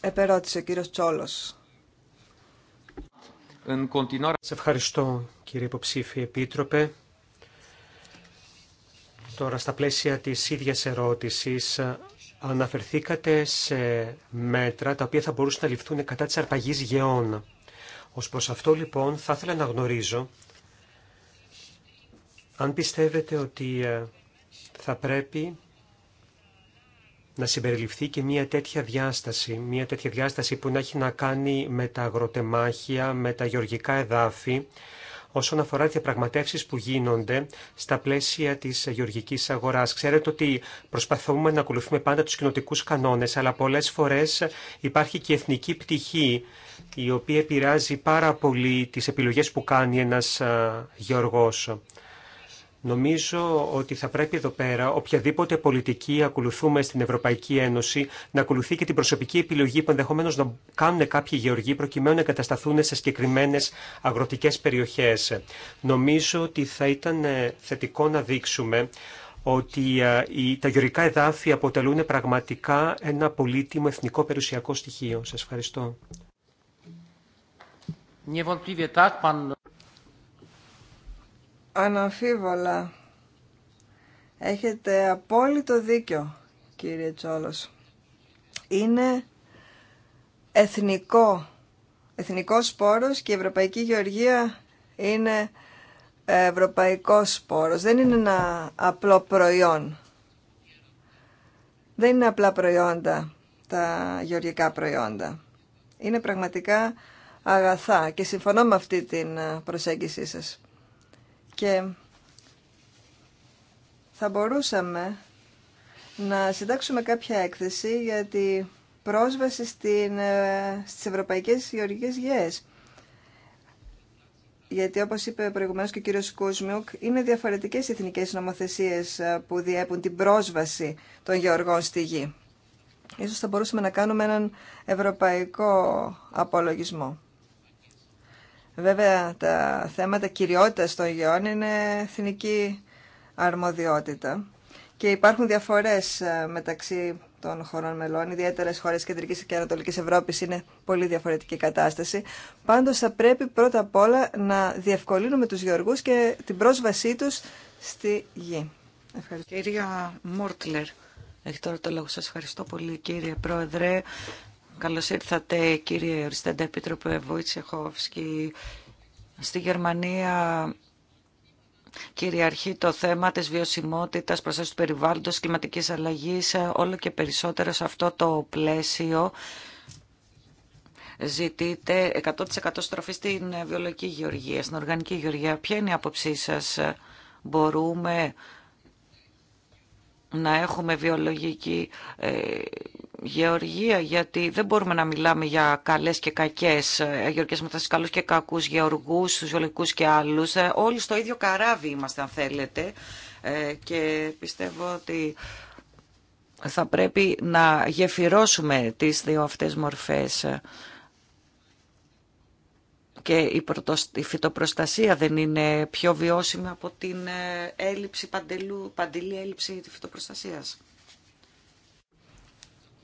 S2: Επερώτησε ο κύριος Τσόλος
S3: ευχαριστώ κύριε υποψήφιε επίτροπε. Τώρα στα πλαίσια της ίδιας ερώτησης αναφερθήκατε σε μέτρα τα οποία θα μπορούσαν να ληφθούν κατά της αρπαγής γεών. Ως προς αυτό λοιπόν θα ήθελα να γνωρίζω αν πιστεύετε ότι ε, θα πρέπει να συμπεριληφθεί και μια τέτοια διάσταση, μια τέτοια διάσταση που να έχει να κάνει με τα αγροτεμάχια, με τα γεωργικά εδάφη, όσον αφορά τις διαπραγματεύσει που γίνονται στα πλαίσια της γεωργικής αγοράς. Ξέρετε ότι προσπαθούμε να ακολουθούμε πάντα τους κοινοτικούς κανόνες, αλλά πολλές φορές υπάρχει και εθνική πτυχή, η οποία επηρεάζει πάρα πολύ τι επιλογέ που κάνει ένας γεωργός. Νομίζω ότι θα πρέπει εδώ πέρα οποιαδήποτε πολιτική ακολουθούμε στην Ευρωπαϊκή Ένωση να ακολουθεί και την προσωπική επιλογή που ενδεχομένω να κάνουν κάποιοι γεωργοί προκειμένου να εγκατασταθούν σε συγκεκριμένε αγροτικέ περιοχέ. Νομίζω ότι θα ήταν ε, θετικό να δείξουμε ότι ε, τα γεωργικά εδάφη αποτελούν πραγματικά ένα πολύτιμο εθνικό περιουσιακό στοιχείο. Σα ευχαριστώ.
S2: Αναμφίβολα. Έχετε απόλυτο δίκιο, κύριε Τσόλος. Είναι εθνικό, εθνικός σπόρος και η Ευρωπαϊκή Γεωργία είναι ευρωπαϊκός σπόρος. Δεν είναι ένα απλό προϊόν. Δεν είναι απλά προϊόντα, τα γεωργικά προϊόντα. Είναι πραγματικά αγαθά και συμφωνώ με αυτή την προσέγγιση σας. Και θα μπορούσαμε να συντάξουμε κάποια έκθεση για την πρόσβαση στην, ε, στις ευρωπαϊκές γεωργικές γης Γιατί όπως είπε προηγουμένως και ο κύριος Κούσμιουκ, είναι διαφορετικές εθνικές νομοθεσίες ε, που διέπουν την πρόσβαση των γεωργών στη γη. Ίσως θα μπορούσαμε να κάνουμε έναν ευρωπαϊκό απολογισμό. Βέβαια τα θέματα κυριότητας των γεών είναι εθνική αρμοδιότητα και υπάρχουν διαφορές ε, μεταξύ των χωρών μελών, ιδιαίτερα χώρε χώρες Κεντρικής και Ανατολικής Ευρώπης είναι πολύ διαφορετική κατάσταση. Πάντως θα πρέπει πρώτα απ' όλα να διευκολύνουμε τους γεωργούς και την πρόσβασή τους
S1: στη γη. Ευχαριστώ. Κυρία Μόρτλερ, έχει τώρα ευχαριστώ πολύ κύριε Πρόεδρε. Καλώς ήρθατε κύριε Οριστέντα Επίτροπε Βουιτσεχόφσκι. Στη Γερμανία κυριαρχεί το θέμα της βιωσιμότητας, προστασία του περιβάλλοντος, κλιματικής αλλαγής, όλο και περισσότερο σε αυτό το πλαίσιο ζητείτε 100% στροφή στην βιολογική γεωργία, στην οργανική γεωργία. Ποια είναι η άποψή σας, μπορούμε να έχουμε βιολογική ε, γεωργία, γιατί δεν μπορούμε να μιλάμε για καλές και κακές ε, γεωργικές μετάσεις, καλούς και κακούς γεωργούς, τους βιολογικούς και άλλους. Ε, όλοι στο ίδιο καράβι είμαστε, αν θέλετε, και πιστεύω ότι θα πρέπει να γεφυρώσουμε τις δύο αυτές μορφές και η, φυτοπροστασία δεν είναι πιο βιώσιμη από την ε, έλλειψη παντελού, παντελή έλλειψη της φυτοπροστασίας.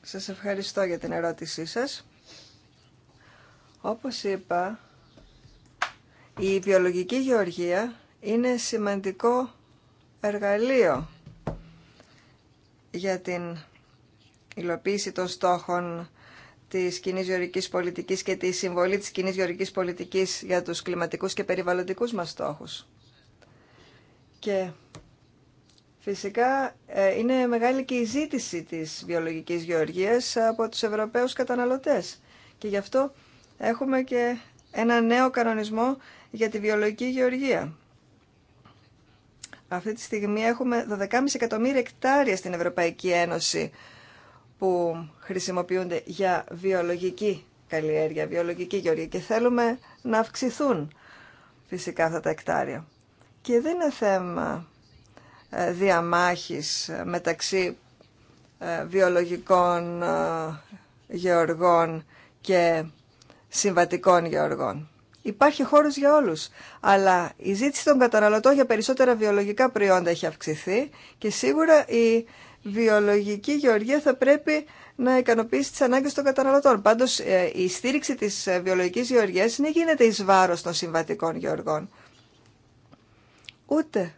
S2: Σας ευχαριστώ για την ερώτησή σας. Όπως είπα, η βιολογική γεωργία είναι σημαντικό εργαλείο για την υλοποίηση των στόχων τη κοινή γεωργικής πολιτικής και τη συμβολή της κοινή γεωργικής πολιτικής για τους κλιματικούς και περιβαλλοντικούς μας στόχους. Και φυσικά ε, είναι μεγάλη και η ζήτηση της βιολογικής γεωργίας από τους Ευρωπαίους καταναλωτές. Και γι' αυτό έχουμε και ένα νέο κανονισμό για τη βιολογική γεωργία. Αυτή τη στιγμή έχουμε 12,5 εκατομμύρια εκτάρια στην Ευρωπαϊκή Ένωση που χρησιμοποιούνται για βιολογική καλλιέργεια, βιολογική γεωργία και θέλουμε να αυξηθούν φυσικά αυτά τα εκτάρια. Και δεν είναι θέμα ε, διαμάχης ε, μεταξύ ε, βιολογικών γεωργών και συμβατικών γεωργών. Υπάρχει χώρος για όλους, αλλά η ζήτηση των καταναλωτών για περισσότερα βιολογικά προϊόντα έχει αυξηθεί και σίγουρα η βιολογική γεωργία θα πρέπει να ικανοποιήσει τι ανάγκε των καταναλωτών. Πάντως ε, η στήριξη τη ε, βιολογική γεωργία δεν γίνεται ει βάρο των συμβατικών γεωργών. Ούτε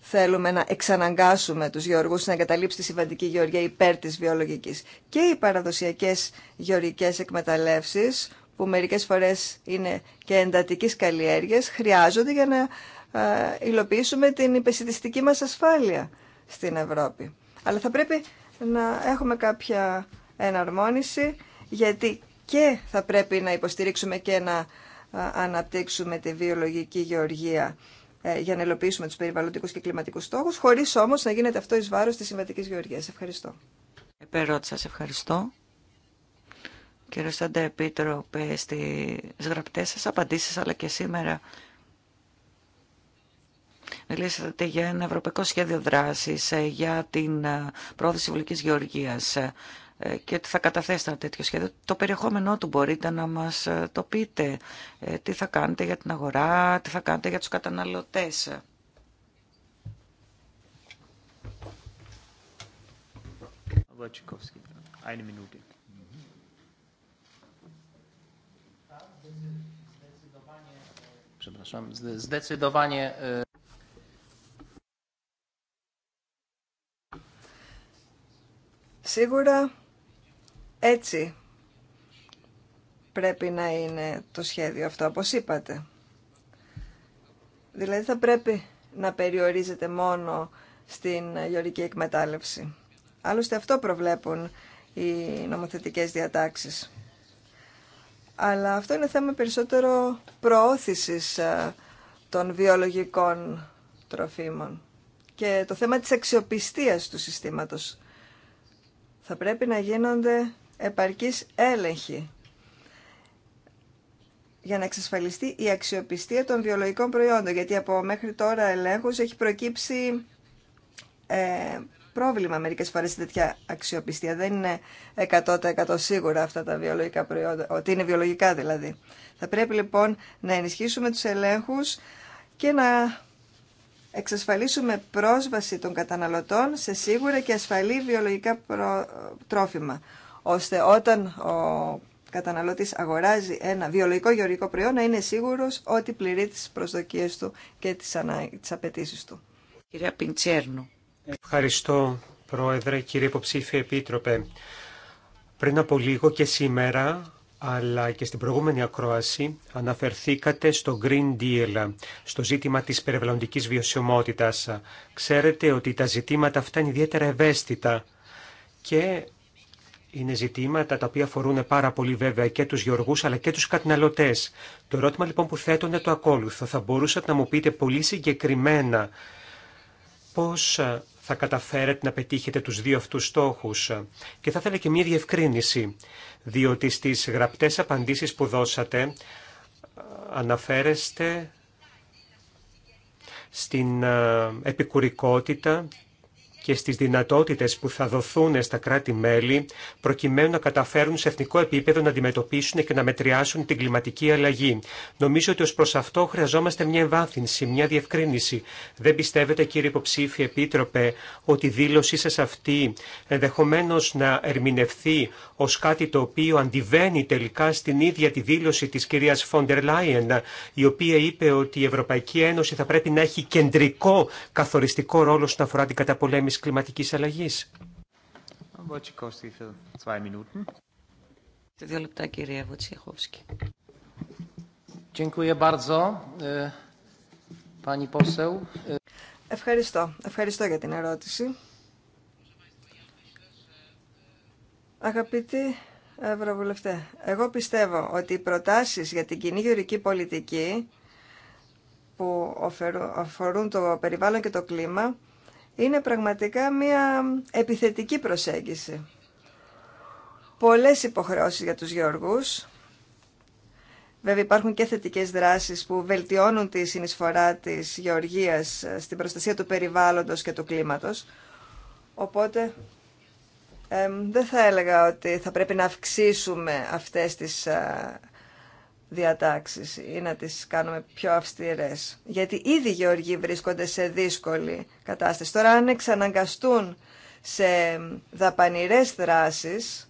S2: θέλουμε να εξαναγκάσουμε του γεωργού, να εγκαταλείψουν τη συμβατική γεωργία υπέρ τη βιολογική. Και οι παραδοσιακέ γεωργικές εκμεταλλεύσεις που μερικές φορές είναι και εντατικής καλλιέργειας, χρειάζονται για να ε, υλοποιήσουμε την υπεσιτιστική μας ασφάλεια στην Ευρώπη. Αλλά θα πρέπει να έχουμε κάποια εναρμόνιση, γιατί και θα πρέπει να υποστηρίξουμε και να αναπτύξουμε τη βιολογική γεωργία ε, για να ελοπίσουμε τους περιβαλλοντικούς και κλιματικούς στόχους, χωρίς όμως να γίνεται αυτό εις βάρος της συμβατικής γεωργίας. Ευχαριστώ.
S1: Επερώτησα, σας ευχαριστώ. Κύριε Σαντε Επίτροπε, στις γραπτές σας απαντήσεις, αλλά και σήμερα μιλήσατε για ένα ευρωπαϊκό σχέδιο δράσης ε, για την ε, πρόθεση βουλική γεωργίας ε, και ότι θα καταθέσετε ένα τέτοιο σχέδιο. Το περιεχόμενό του μπορείτε να μας το πείτε. Τι θα κάνετε για την αγορά, τι θα κάνετε για τους καταναλωτές.
S3: Przepraszam, zdecydowanie e,
S2: Σίγουρα έτσι πρέπει να είναι το σχέδιο αυτό, όπως είπατε. Δηλαδή θα πρέπει να περιορίζεται μόνο στην γεωρική εκμετάλλευση. Άλλωστε αυτό προβλέπουν οι νομοθετικές διατάξεις. Αλλά αυτό είναι θέμα περισσότερο προώθησης ε, των βιολογικών τροφίμων και το θέμα της αξιοπιστίας του συστήματος θα πρέπει να γίνονται επαρκείς έλεγχοι για να εξασφαλιστεί η αξιοπιστία των βιολογικών προϊόντων, γιατί από μέχρι τώρα ελέγχους έχει προκύψει ε, πρόβλημα μερικές φορές σε τέτοια αξιοπιστία. Δεν είναι 100% σίγουρα αυτά τα βιολογικά προϊόντα, ότι είναι βιολογικά δηλαδή. Θα πρέπει λοιπόν να ενισχύσουμε τους ελέγχους και να εξασφαλίσουμε πρόσβαση των καταναλωτών σε σίγουρα και ασφαλή βιολογικά τρόφιμα, ώστε όταν ο καταναλώτης αγοράζει ένα βιολογικό γεωργικό προϊόν να είναι σίγουρος ότι πληρεί τις προσδοκίες του και τις, ανα... απαιτήσει του.
S3: Κυρία Πιντσέρνου. Ευχαριστώ Πρόεδρε, κύριε υποψήφιε επίτροπε. Πριν από λίγο και σήμερα αλλά και στην προηγούμενη ακρόαση αναφερθήκατε στο Green Deal, στο ζήτημα της περιβαλλοντικής βιωσιμότητας. Ξέρετε ότι τα ζητήματα αυτά είναι ιδιαίτερα ευαίσθητα και είναι ζητήματα τα οποία αφορούν πάρα πολύ βέβαια και τους γεωργούς αλλά και τους καταναλωτές. Το ερώτημα λοιπόν που θέτω είναι το ακόλουθο. Θα μπορούσατε να μου πείτε πολύ συγκεκριμένα πώς θα καταφέρετε να πετύχετε τους δύο αυτούς στόχους. Και θα ήθελα και μία διευκρίνηση, διότι στις γραπτές απαντήσεις που δώσατε αναφέρεστε στην ε, επικουρικότητα και στις δυνατότητες που θα δοθούν στα κράτη-μέλη προκειμένου να καταφέρουν σε εθνικό επίπεδο να αντιμετωπίσουν και να μετριάσουν την κλιματική αλλαγή. Νομίζω ότι ως προς αυτό χρειαζόμαστε μια εμβάθυνση, μια διευκρίνηση. Δεν πιστεύετε κύριε υποψήφιε επίτροπε ότι η δήλωσή σας αυτή ενδεχομένως να ερμηνευθεί ως κάτι το οποίο αντιβαίνει τελικά στην ίδια τη δήλωση της κυρίας Φόντερ Λάιεν η οποία είπε ότι η Ευρωπαϊκή Ένωση θα πρέπει να έχει κεντρικό καθοριστικό ρόλο στον αφορά την καταπολέμηση της κλιματικής αλλαγής.
S1: Δύο λεπτά, κυρία e, Ευχαριστώ.
S2: Ευχαριστώ για την ερώτηση. Αγαπητοί Ευρωβουλευτέ, εγώ πιστεύω ότι οι προτάσεις για την κοινή γεωρική πολιτική που αφορούν το περιβάλλον και το κλίμα είναι πραγματικά μια επιθετική προσέγγιση. Πολλές υποχρεώσεις για τους γεωργούς. Βέβαια υπάρχουν και θετικές δράσεις που βελτιώνουν τη συνεισφορά της γεωργίας ε, στην προστασία του περιβάλλοντος και του κλίματος. Οπότε δεν θα έλεγα ότι θα πρέπει να αυξήσουμε αυτές τις ε, διατάξεις ή να τις κάνουμε πιο αυστηρές. Γιατί ήδη οι γεωργοί βρίσκονται σε δύσκολη κατάσταση. Τώρα αν εξαναγκαστούν σε δαπανηρές δράσεις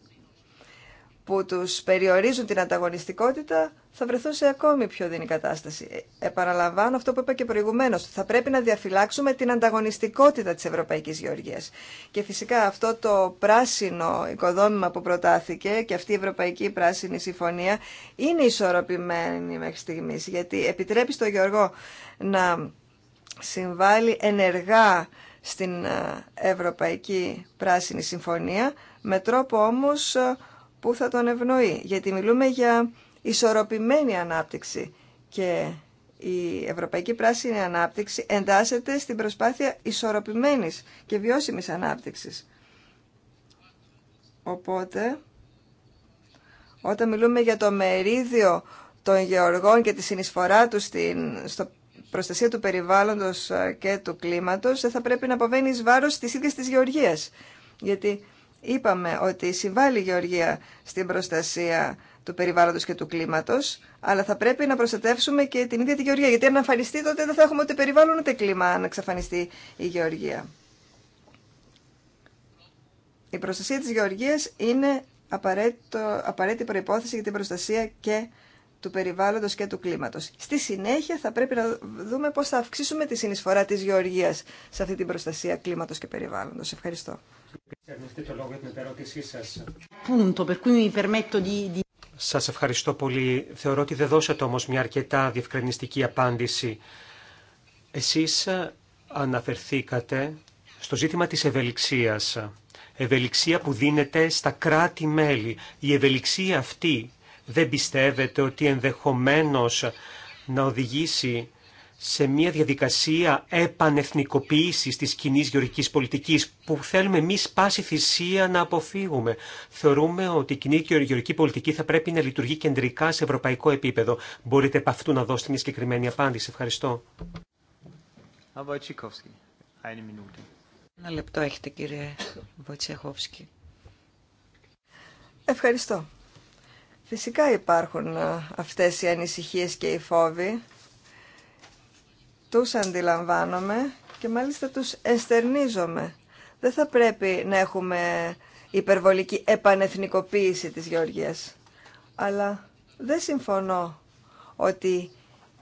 S2: που τους περιορίζουν την ανταγωνιστικότητα θα βρεθούν σε ακόμη πιο δίνη κατάσταση. Ε, επαναλαμβάνω αυτό που είπα και προηγουμένως. Θα πρέπει να διαφυλάξουμε την ανταγωνιστικότητα της Ευρωπαϊκής Γεωργίας. Και φυσικά αυτό το πράσινο οικοδόμημα που προτάθηκε και αυτή η Ευρωπαϊκή Πράσινη Συμφωνία είναι ισορροπημένη μέχρι στιγμής γιατί επιτρέπει στο Γεωργό να συμβάλλει ενεργά στην ε, Ευρωπαϊκή Πράσινη Συμφωνία με τρόπο όμως ε, που θα τον ευνοεί. Γιατί μιλούμε για ισορροπημένη ανάπτυξη και η Ευρωπαϊκή Πράσινη Ανάπτυξη εντάσσεται στην προσπάθεια ισορροπημένης και βιώσιμης ανάπτυξης. Οπότε, όταν μιλούμε για το μερίδιο των γεωργών και τη συνεισφορά τους στην, στο προστασία του περιβάλλοντος και του κλίματος, θα πρέπει να αποβαίνει βάρος της ίδιας της γεωργίας. Γιατί Είπαμε ότι συμβάλλει η Γεωργία στην προστασία του περιβάλλοντος και του κλίματος, αλλά θα πρέπει να προστατεύσουμε και την ίδια τη Γεωργία, γιατί αν εμφανιστεί τότε δεν θα έχουμε ούτε περιβάλλον ούτε κλίμα αν εξαφανιστεί η Γεωργία. Η προστασία της Γεωργίας είναι απαραίτητη προϋπόθεση για την προστασία και του περιβάλλοντος και του κλίματος. Στη συνέχεια θα πρέπει να δούμε πώς θα αυξήσουμε τη συνεισφορά της γεωργίας σε αυτή την προστασία κλίματος και περιβάλλοντος. Ευχαριστώ.
S3: Σας ευχαριστώ πολύ. Θεωρώ ότι δεν δώσατε όμως μια αρκετά διευκρινιστική απάντηση. Εσείς αναφερθήκατε στο ζήτημα της ευελιξίας. Ευελιξία που δίνεται στα κράτη-μέλη. Η ευελιξία αυτή δεν πιστεύετε ότι ενδεχομένως να οδηγήσει σε μια διαδικασία επανεθνικοποίησης της κοινή γεωργικής πολιτικής που θέλουμε εμεί πάση θυσία να αποφύγουμε. Θεωρούμε ότι η κοινή γεωργική πολιτική θα πρέπει να λειτουργεί κεντρικά σε ευρωπαϊκό επίπεδο. Μπορείτε από αυτού να δώσετε μια συγκεκριμένη απάντηση. Ευχαριστώ.
S1: Ένα λεπτό έχετε
S2: Ευχαριστώ. Φυσικά υπάρχουν ε, αυτές οι ανησυχίες και οι φόβοι. Τους αντιλαμβάνομαι και μάλιστα τους εστερνίζομαι. Δεν θα πρέπει να έχουμε υπερβολική επανεθνικοποίηση της Γεωργίας. Αλλά δεν συμφωνώ ότι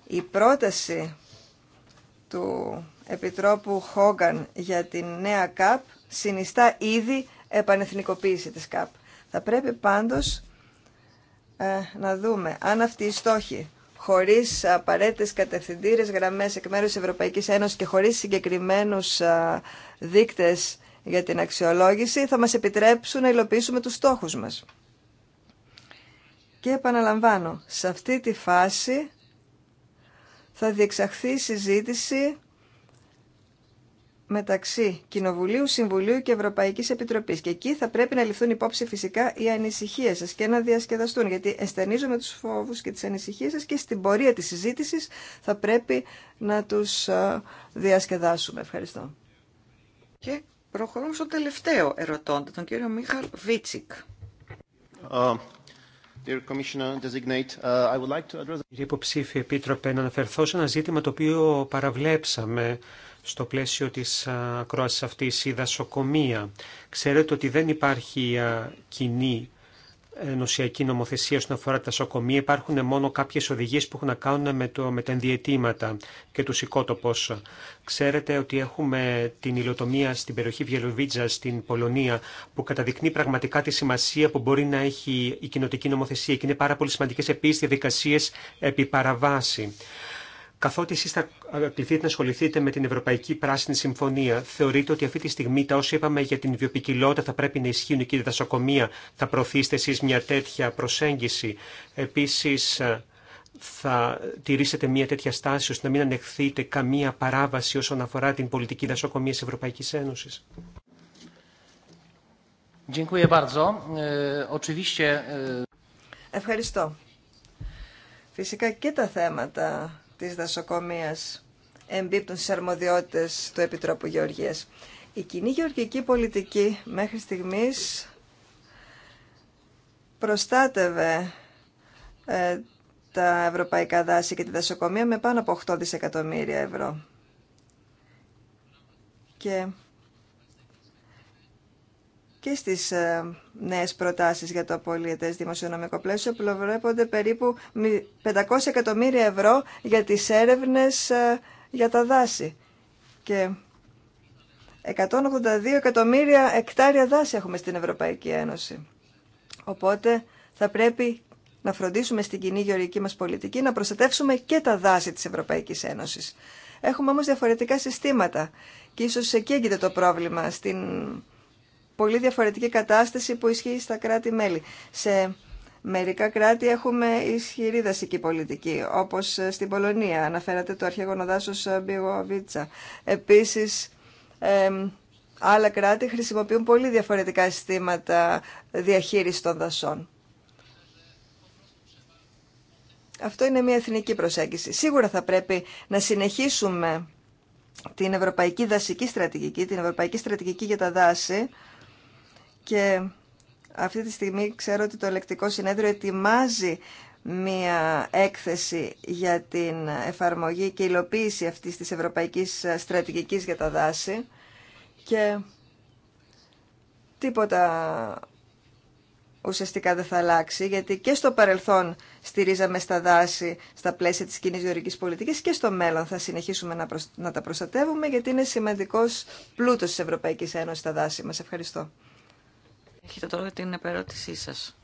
S2: η πρόταση του Επιτρόπου Χόγκαν για την νέα ΚΑΠ συνιστά ήδη επανεθνικοποίηση της ΚΑΠ. Θα πρέπει πάντως ε, να δούμε αν αυτοί οι στόχοι χωρίς απαραίτητε κατευθυντήρε γραμμές εκ μέρου τη Ευρωπαϊκή Ένωσης και χωρίς συγκεκριμένους ε, δείκτε για την αξιολόγηση θα μας επιτρέψουν να υλοποιήσουμε του στόχους μας. Και επαναλαμβάνω, σε αυτή τη φάση θα διεξαχθεί η συζήτηση μεταξύ Κοινοβουλίου, Συμβουλίου και Ευρωπαϊκής Επιτροπής. Και εκεί θα πρέπει να ληφθούν υπόψη φυσικά οι ανησυχίε σας και να διασκεδαστούν, γιατί αισθενίζομαι τους φόβους και τις ανησυχίες σα και στην πορεία της συζήτηση θα πρέπει να τους διασκεδάσουμε. Ευχαριστώ.
S1: Και προχωρούμε στο τελευταίο ερωτώντα, τον κύριο Μίχαλ Βίτσικ.
S3: Κύριε Υποψήφιε Επίτροπε, να αναφερθώ σε ένα ζήτημα το οποίο παραβλέψαμε στο πλαίσιο της ακρόασης αυτής η δασοκομεία. Ξέρετε ότι δεν υπάρχει κοινή ε, νοσιακή νομοθεσία όσον αφορά τα δασοκομεία. Υπάρχουν μόνο κάποιες οδηγίες που έχουν να κάνουν με, το, με τα ενδιαιτήματα και του οικότοπος. Ξέρετε ότι έχουμε την υλοτομία στην περιοχή Βιελοβίτζα στην Πολωνία που καταδεικνύει πραγματικά τη σημασία που μπορεί να έχει η κοινοτική νομοθεσία και είναι πάρα πολύ σημαντικές επίσης διαδικασίες επί παραβάση. Καθότι εσεί θα κληθείτε να ασχοληθείτε με την Ευρωπαϊκή Πράσινη Συμφωνία, θεωρείτε ότι αυτή τη στιγμή τα όσα είπαμε για την βιοπικιλότητα θα πρέπει να ισχύουν και η δασοκομεία. Θα προωθήσετε εσεί μια τέτοια προσέγγιση. Επίση, ε, θα τηρήσετε μια τέτοια στάση ώστε να μην ανεχθείτε καμία παράβαση όσον αφορά την πολιτική δασοκομεία τη Ευρωπαϊκή Ένωση. Ε, ε, Ευχαριστώ. Φυσικά και τα
S2: θέματα της δασοκομεία εμπίπτουν στι αρμοδιότητες του Επιτρόπου Γεωργία. Η κοινή γεωργική πολιτική μέχρι στιγμής προστάτευε ε, τα ευρωπαϊκά δάση και τη δασοκομεία με πάνω από 8 δισεκατομμύρια ευρώ. Και και στις ε, νέες προτάσεις για το πολιετές δημοσιονομικό πλαίσιο προβλέπονται περίπου 500 εκατομμύρια ευρώ για τις έρευνες ε, για τα δάση. Και 182 εκατομμύρια εκτάρια δάση έχουμε στην Ευρωπαϊκή Ένωση. Οπότε θα πρέπει να φροντίσουμε στην κοινή γεωργική μας πολιτική να προστατεύσουμε και τα δάση της Ευρωπαϊκής Ένωσης. Έχουμε όμως διαφορετικά συστήματα και ίσως εκεί έγκυται το πρόβλημα στην πολύ διαφορετική κατάσταση που ισχύει στα κράτη-μέλη. Σε μερικά κράτη έχουμε ισχυρή δασική πολιτική, όπως στην Πολωνία, αναφέρατε το αρχαίγωνο δάσος Μπιγοβίτσα. Επίσης, άλλα κράτη χρησιμοποιούν πολύ διαφορετικά συστήματα διαχείρισης των δασών. Αυτό είναι μια εθνική προσέγγιση. Σίγουρα θα πρέπει να συνεχίσουμε την Ευρωπαϊκή Δασική Στρατηγική, την Ευρωπαϊκή Στρατηγική για τα Δάση, και αυτή τη στιγμή ξέρω ότι το ελεκτικό συνέδριο ετοιμάζει μία έκθεση για την εφαρμογή και υλοποίηση αυτής της ευρωπαϊκής στρατηγικής για τα δάση και τίποτα ουσιαστικά δεν θα αλλάξει, γιατί και στο παρελθόν στηρίζαμε στα δάση, στα πλαίσια της κοινή γεωργικής πολιτικής και στο μέλλον θα συνεχίσουμε να, να τα προστατεύουμε, γιατί είναι σημαντικός πλούτος της Ευρωπαϊκής Ένωσης τα δάση μας. Ευχαριστώ. Έχετε τώρα την επερώτησή
S3: σας.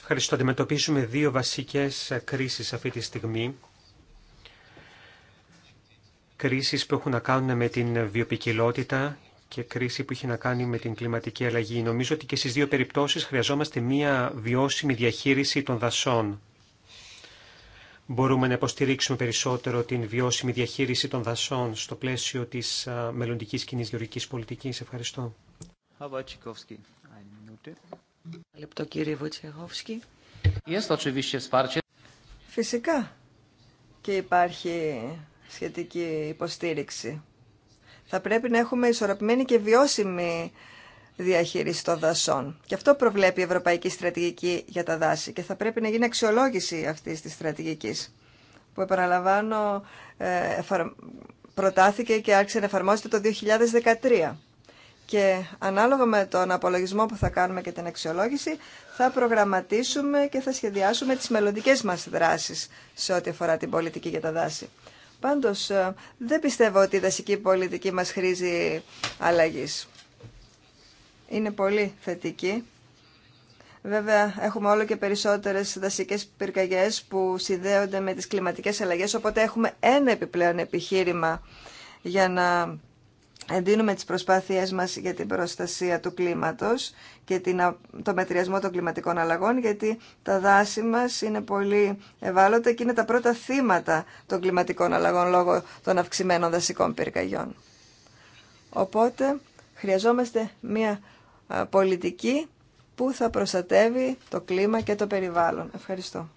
S3: Ευχαριστώ. Αντιμετωπίζουμε δύο βασικές κρίσεις αυτή τη στιγμή. Κρίσεις που έχουν να κάνουν με την βιοπικιλότητα και κρίση που έχει να κάνει με την κλιματική αλλαγή. Νομίζω ότι και στις δύο περιπτώσεις χρειαζόμαστε μία βιώσιμη διαχείριση των δασών μπορούμε να υποστηρίξουμε περισσότερο την βιώσιμη διαχείριση των δασών στο πλαίσιο της μελλοντικής κοινή γεωργική πολιτικής. Ευχαριστώ. Λεπτό κύριε
S2: Φυσικά και υπάρχει σχετική υποστήριξη. Θα πρέπει να έχουμε ισορροπημένη και βιώσιμη διαχείριση των δασών. Και αυτό προβλέπει η Ευρωπαϊκή Στρατηγική για τα δάση και θα πρέπει να γίνει αξιολόγηση αυτής της στρατηγικής που επαναλαμβάνω ε, προτάθηκε και άρχισε να εφαρμόζεται το 2013. Και ανάλογα με τον απολογισμό που θα κάνουμε και την αξιολόγηση, θα προγραμματίσουμε και θα σχεδιάσουμε τις μελλοντικές μας δράσεις σε ό,τι αφορά την πολιτική για τα δάση. Πάντως, ε, δεν πιστεύω ότι η δασική πολιτική μας χρήζει αλλαγής είναι πολύ θετική. Βέβαια, έχουμε όλο και περισσότερες δασικές πυρκαγιές που συνδέονται με τις κλιματικές αλλαγές, οπότε έχουμε ένα επιπλέον επιχείρημα για να εντείνουμε τις προσπάθειές μας για την προστασία του κλίματος και το μετριασμό των κλιματικών αλλαγών, γιατί τα δάση μας είναι πολύ ευάλωτα και είναι τα πρώτα θύματα των κλιματικών αλλαγών λόγω των αυξημένων δασικών πυρκαγιών. Οπότε, χρειαζόμαστε μία ε, πολιτική που θα προστατεύει το κλίμα και το περιβάλλον.
S1: Ευχαριστώ.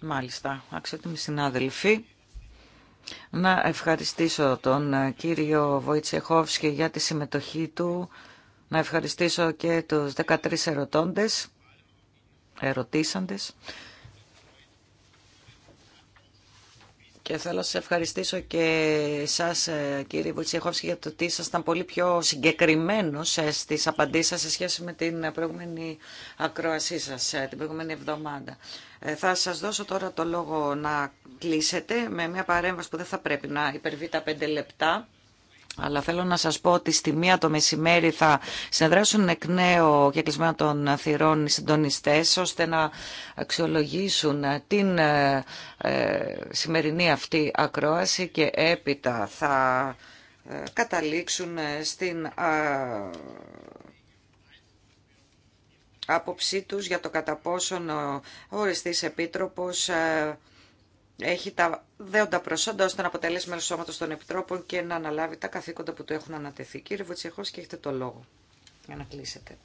S1: Μάλιστα, αξιότιμοι συνάδελφοι. Να ευχαριστήσω τον ε, κύριο Βοητσεχόφσκι για τη συμμετοχή του. Να ευχαριστήσω και τους 13 ερωτώντες, ερωτήσαντες. Και θέλω να σα ευχαριστήσω και εσά, ε, κύριε Βουλτσιεχόφσκι για το ότι ήσασταν πολύ πιο συγκεκριμένο ε, στις απαντήσεις σας σε σχέση με την προηγούμενη ακρόασή σας, ε, την προηγούμενη εβδομάδα. Θα σας δώσω τώρα το λόγο να κλείσετε με μια παρέμβαση που δεν θα πρέπει να υπερβεί τα πέντε λεπτά αλλά θέλω να σας πω ότι στη μία το μεσημέρι θα συνεδράσουν εκ νέου και κλεισμένα των θυρών οι συντονιστές ώστε να αξιολογήσουν ε, την ε, ε, σημερινή αυτή ακρόαση και έπειτα θα καταλήξουν στην άποψή τους για το κατά πόσον ο οριστής επίτροπος έχει τα δέοντα προσόντα ώστε να αποτελέσει μέλο σώματο των επιτρόπων και να αναλάβει τα καθήκοντα που του έχουν ανατεθεί. Κύριε και έχετε το λόγο για να κλείσετε.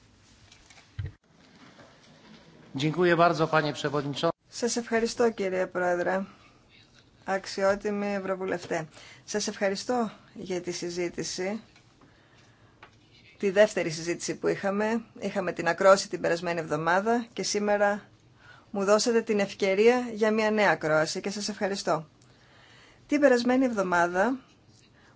S1: Σας ευχαριστώ κύριε
S2: Πρόεδρε, Αξιότιμη Ευρωβουλευτέ. Σας ευχαριστώ για τη συζήτηση, τη δεύτερη συζήτηση που είχαμε. Είχαμε την ακρόαση την περασμένη εβδομάδα και σήμερα μου δώσατε την ευκαιρία για μια νέα ακρόαση και σας ευχαριστώ. Την περασμένη εβδομάδα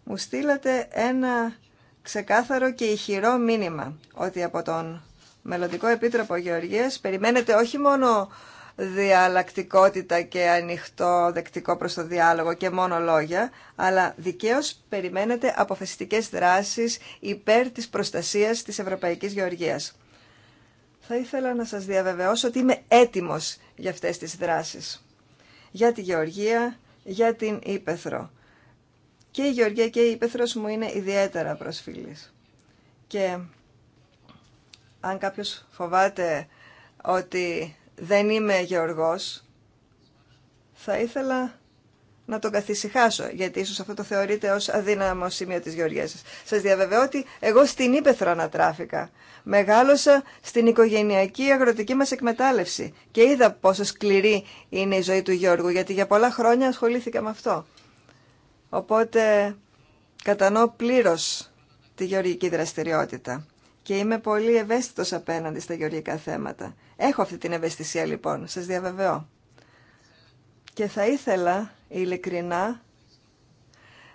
S2: μου στείλατε ένα ξεκάθαρο και ηχηρό μήνυμα ότι από τον Μελλοντικό Επίτροπο Γεωργίας περιμένετε όχι μόνο διαλλακτικότητα και ανοιχτό δεκτικό προς το διάλογο και μόνο λόγια, αλλά δικαίως περιμένετε αποφασιστικές δράσεις υπέρ της προστασίας της Ευρωπαϊκής Γεωργίας. Θα ήθελα να σας διαβεβαιώσω ότι είμαι έτοιμος για αυτές τις δράσεις. Για τη Γεωργία, για την Ήπεθρο. Και η Γεωργία και η Ήπεθρος μου είναι ιδιαίτερα προσφυλής. Και αν κάποιος φοβάται ότι δεν είμαι γεωργός, θα ήθελα να τον καθησυχάσω, γιατί ίσως αυτό το θεωρείτε ως αδύναμο σημείο της γεωργίας σας. Σας διαβεβαιώ ότι εγώ στην Ήπεθρο ανατράφηκα. Μεγάλωσα στην οικογενειακή αγροτική μας εκμετάλλευση και είδα πόσο σκληρή είναι η ζωή του Γιώργου, γιατί για πολλά χρόνια ασχολήθηκα με αυτό. Οπότε κατανοώ πλήρω τη γεωργική δραστηριότητα και είμαι πολύ ευαίσθητος απέναντι στα γεωργικά θέματα. Έχω αυτή την ευαισθησία λοιπόν, σας διαβεβαιώ. Και θα ήθελα ειλικρινά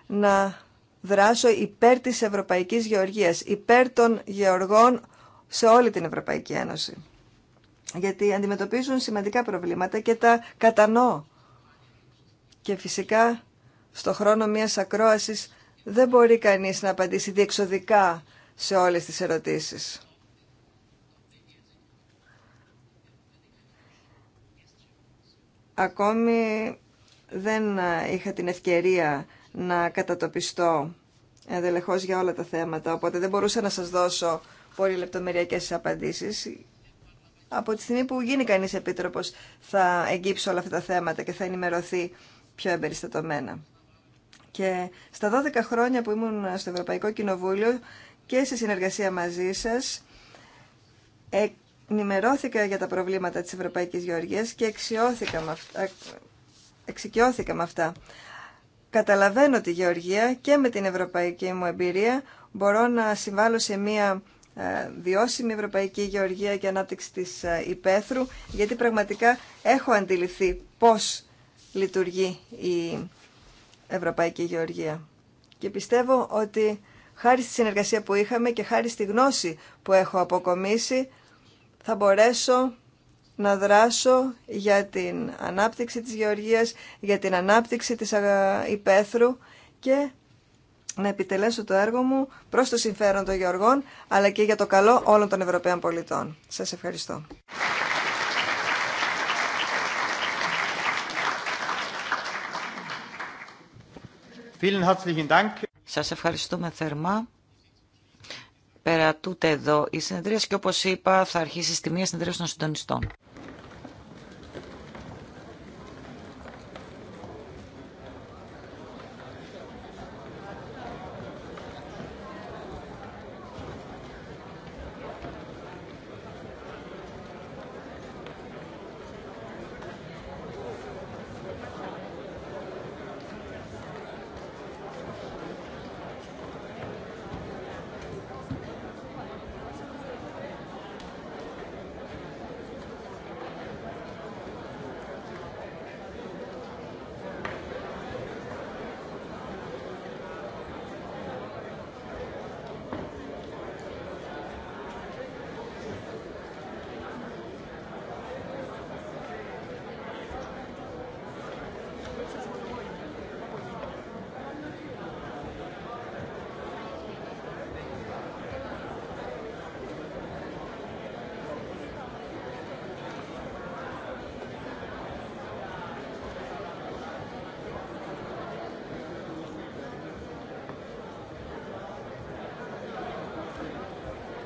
S2: να δράσω υπέρ της Ευρωπαϊκής Γεωργίας, υπέρ των γεωργών σε όλη την Ευρωπαϊκή Ένωση. Γιατί αντιμετωπίζουν σημαντικά προβλήματα και τα κατανοώ. Και φυσικά στο χρόνο μιας ακρόασης δεν μπορεί κανείς να απαντήσει διεξοδικά σε όλες τις ερωτήσεις. Ακόμη δεν ε, είχα την ευκαιρία να κατατοπιστώ ε, δελεχώς για όλα τα θέματα, οπότε δεν μπορούσα να σας δώσω πολύ λεπτομεριακές απαντήσεις. Από τη στιγμή που γίνει κανείς επίτροπος θα εγκύψω όλα αυτά τα θέματα και θα ενημερωθεί πιο εμπεριστατωμένα. Και στα 12 χρόνια που ήμουν στο Ευρωπαϊκό Κοινοβούλιο και σε συνεργασία μαζί σας, ενημερώθηκα για τα προβλήματα της Ευρωπαϊκής Γεωργίας και αξιώθηκα εξοικειώθηκα με αυτά. Καταλαβαίνω τη γεωργία και με την ευρωπαϊκή μου εμπειρία μπορώ να συμβάλλω σε μια ε, βιώσιμη ευρωπαϊκή γεωργία και ανάπτυξη της ε, υπαίθρου, γιατί πραγματικά έχω αντιληφθεί πώς λειτουργεί η ευρωπαϊκή γεωργία. Και πιστεύω ότι χάρη στη συνεργασία που είχαμε και χάρη στη γνώση που έχω αποκομίσει, θα μπορέσω να δράσω για την ανάπτυξη της γεωργίας, για την ανάπτυξη της υπαίθρου και να επιτελέσω το έργο μου προς το συμφέρον των γεωργών, αλλά και για το καλό όλων των Ευρωπαίων πολιτών. Σας ευχαριστώ.
S1: Σας ευχαριστούμε θερμά. Περατούτε εδώ η συνεδρίαση και όπως είπα θα αρχίσει στη μία συνεδρίαση των συντονιστών.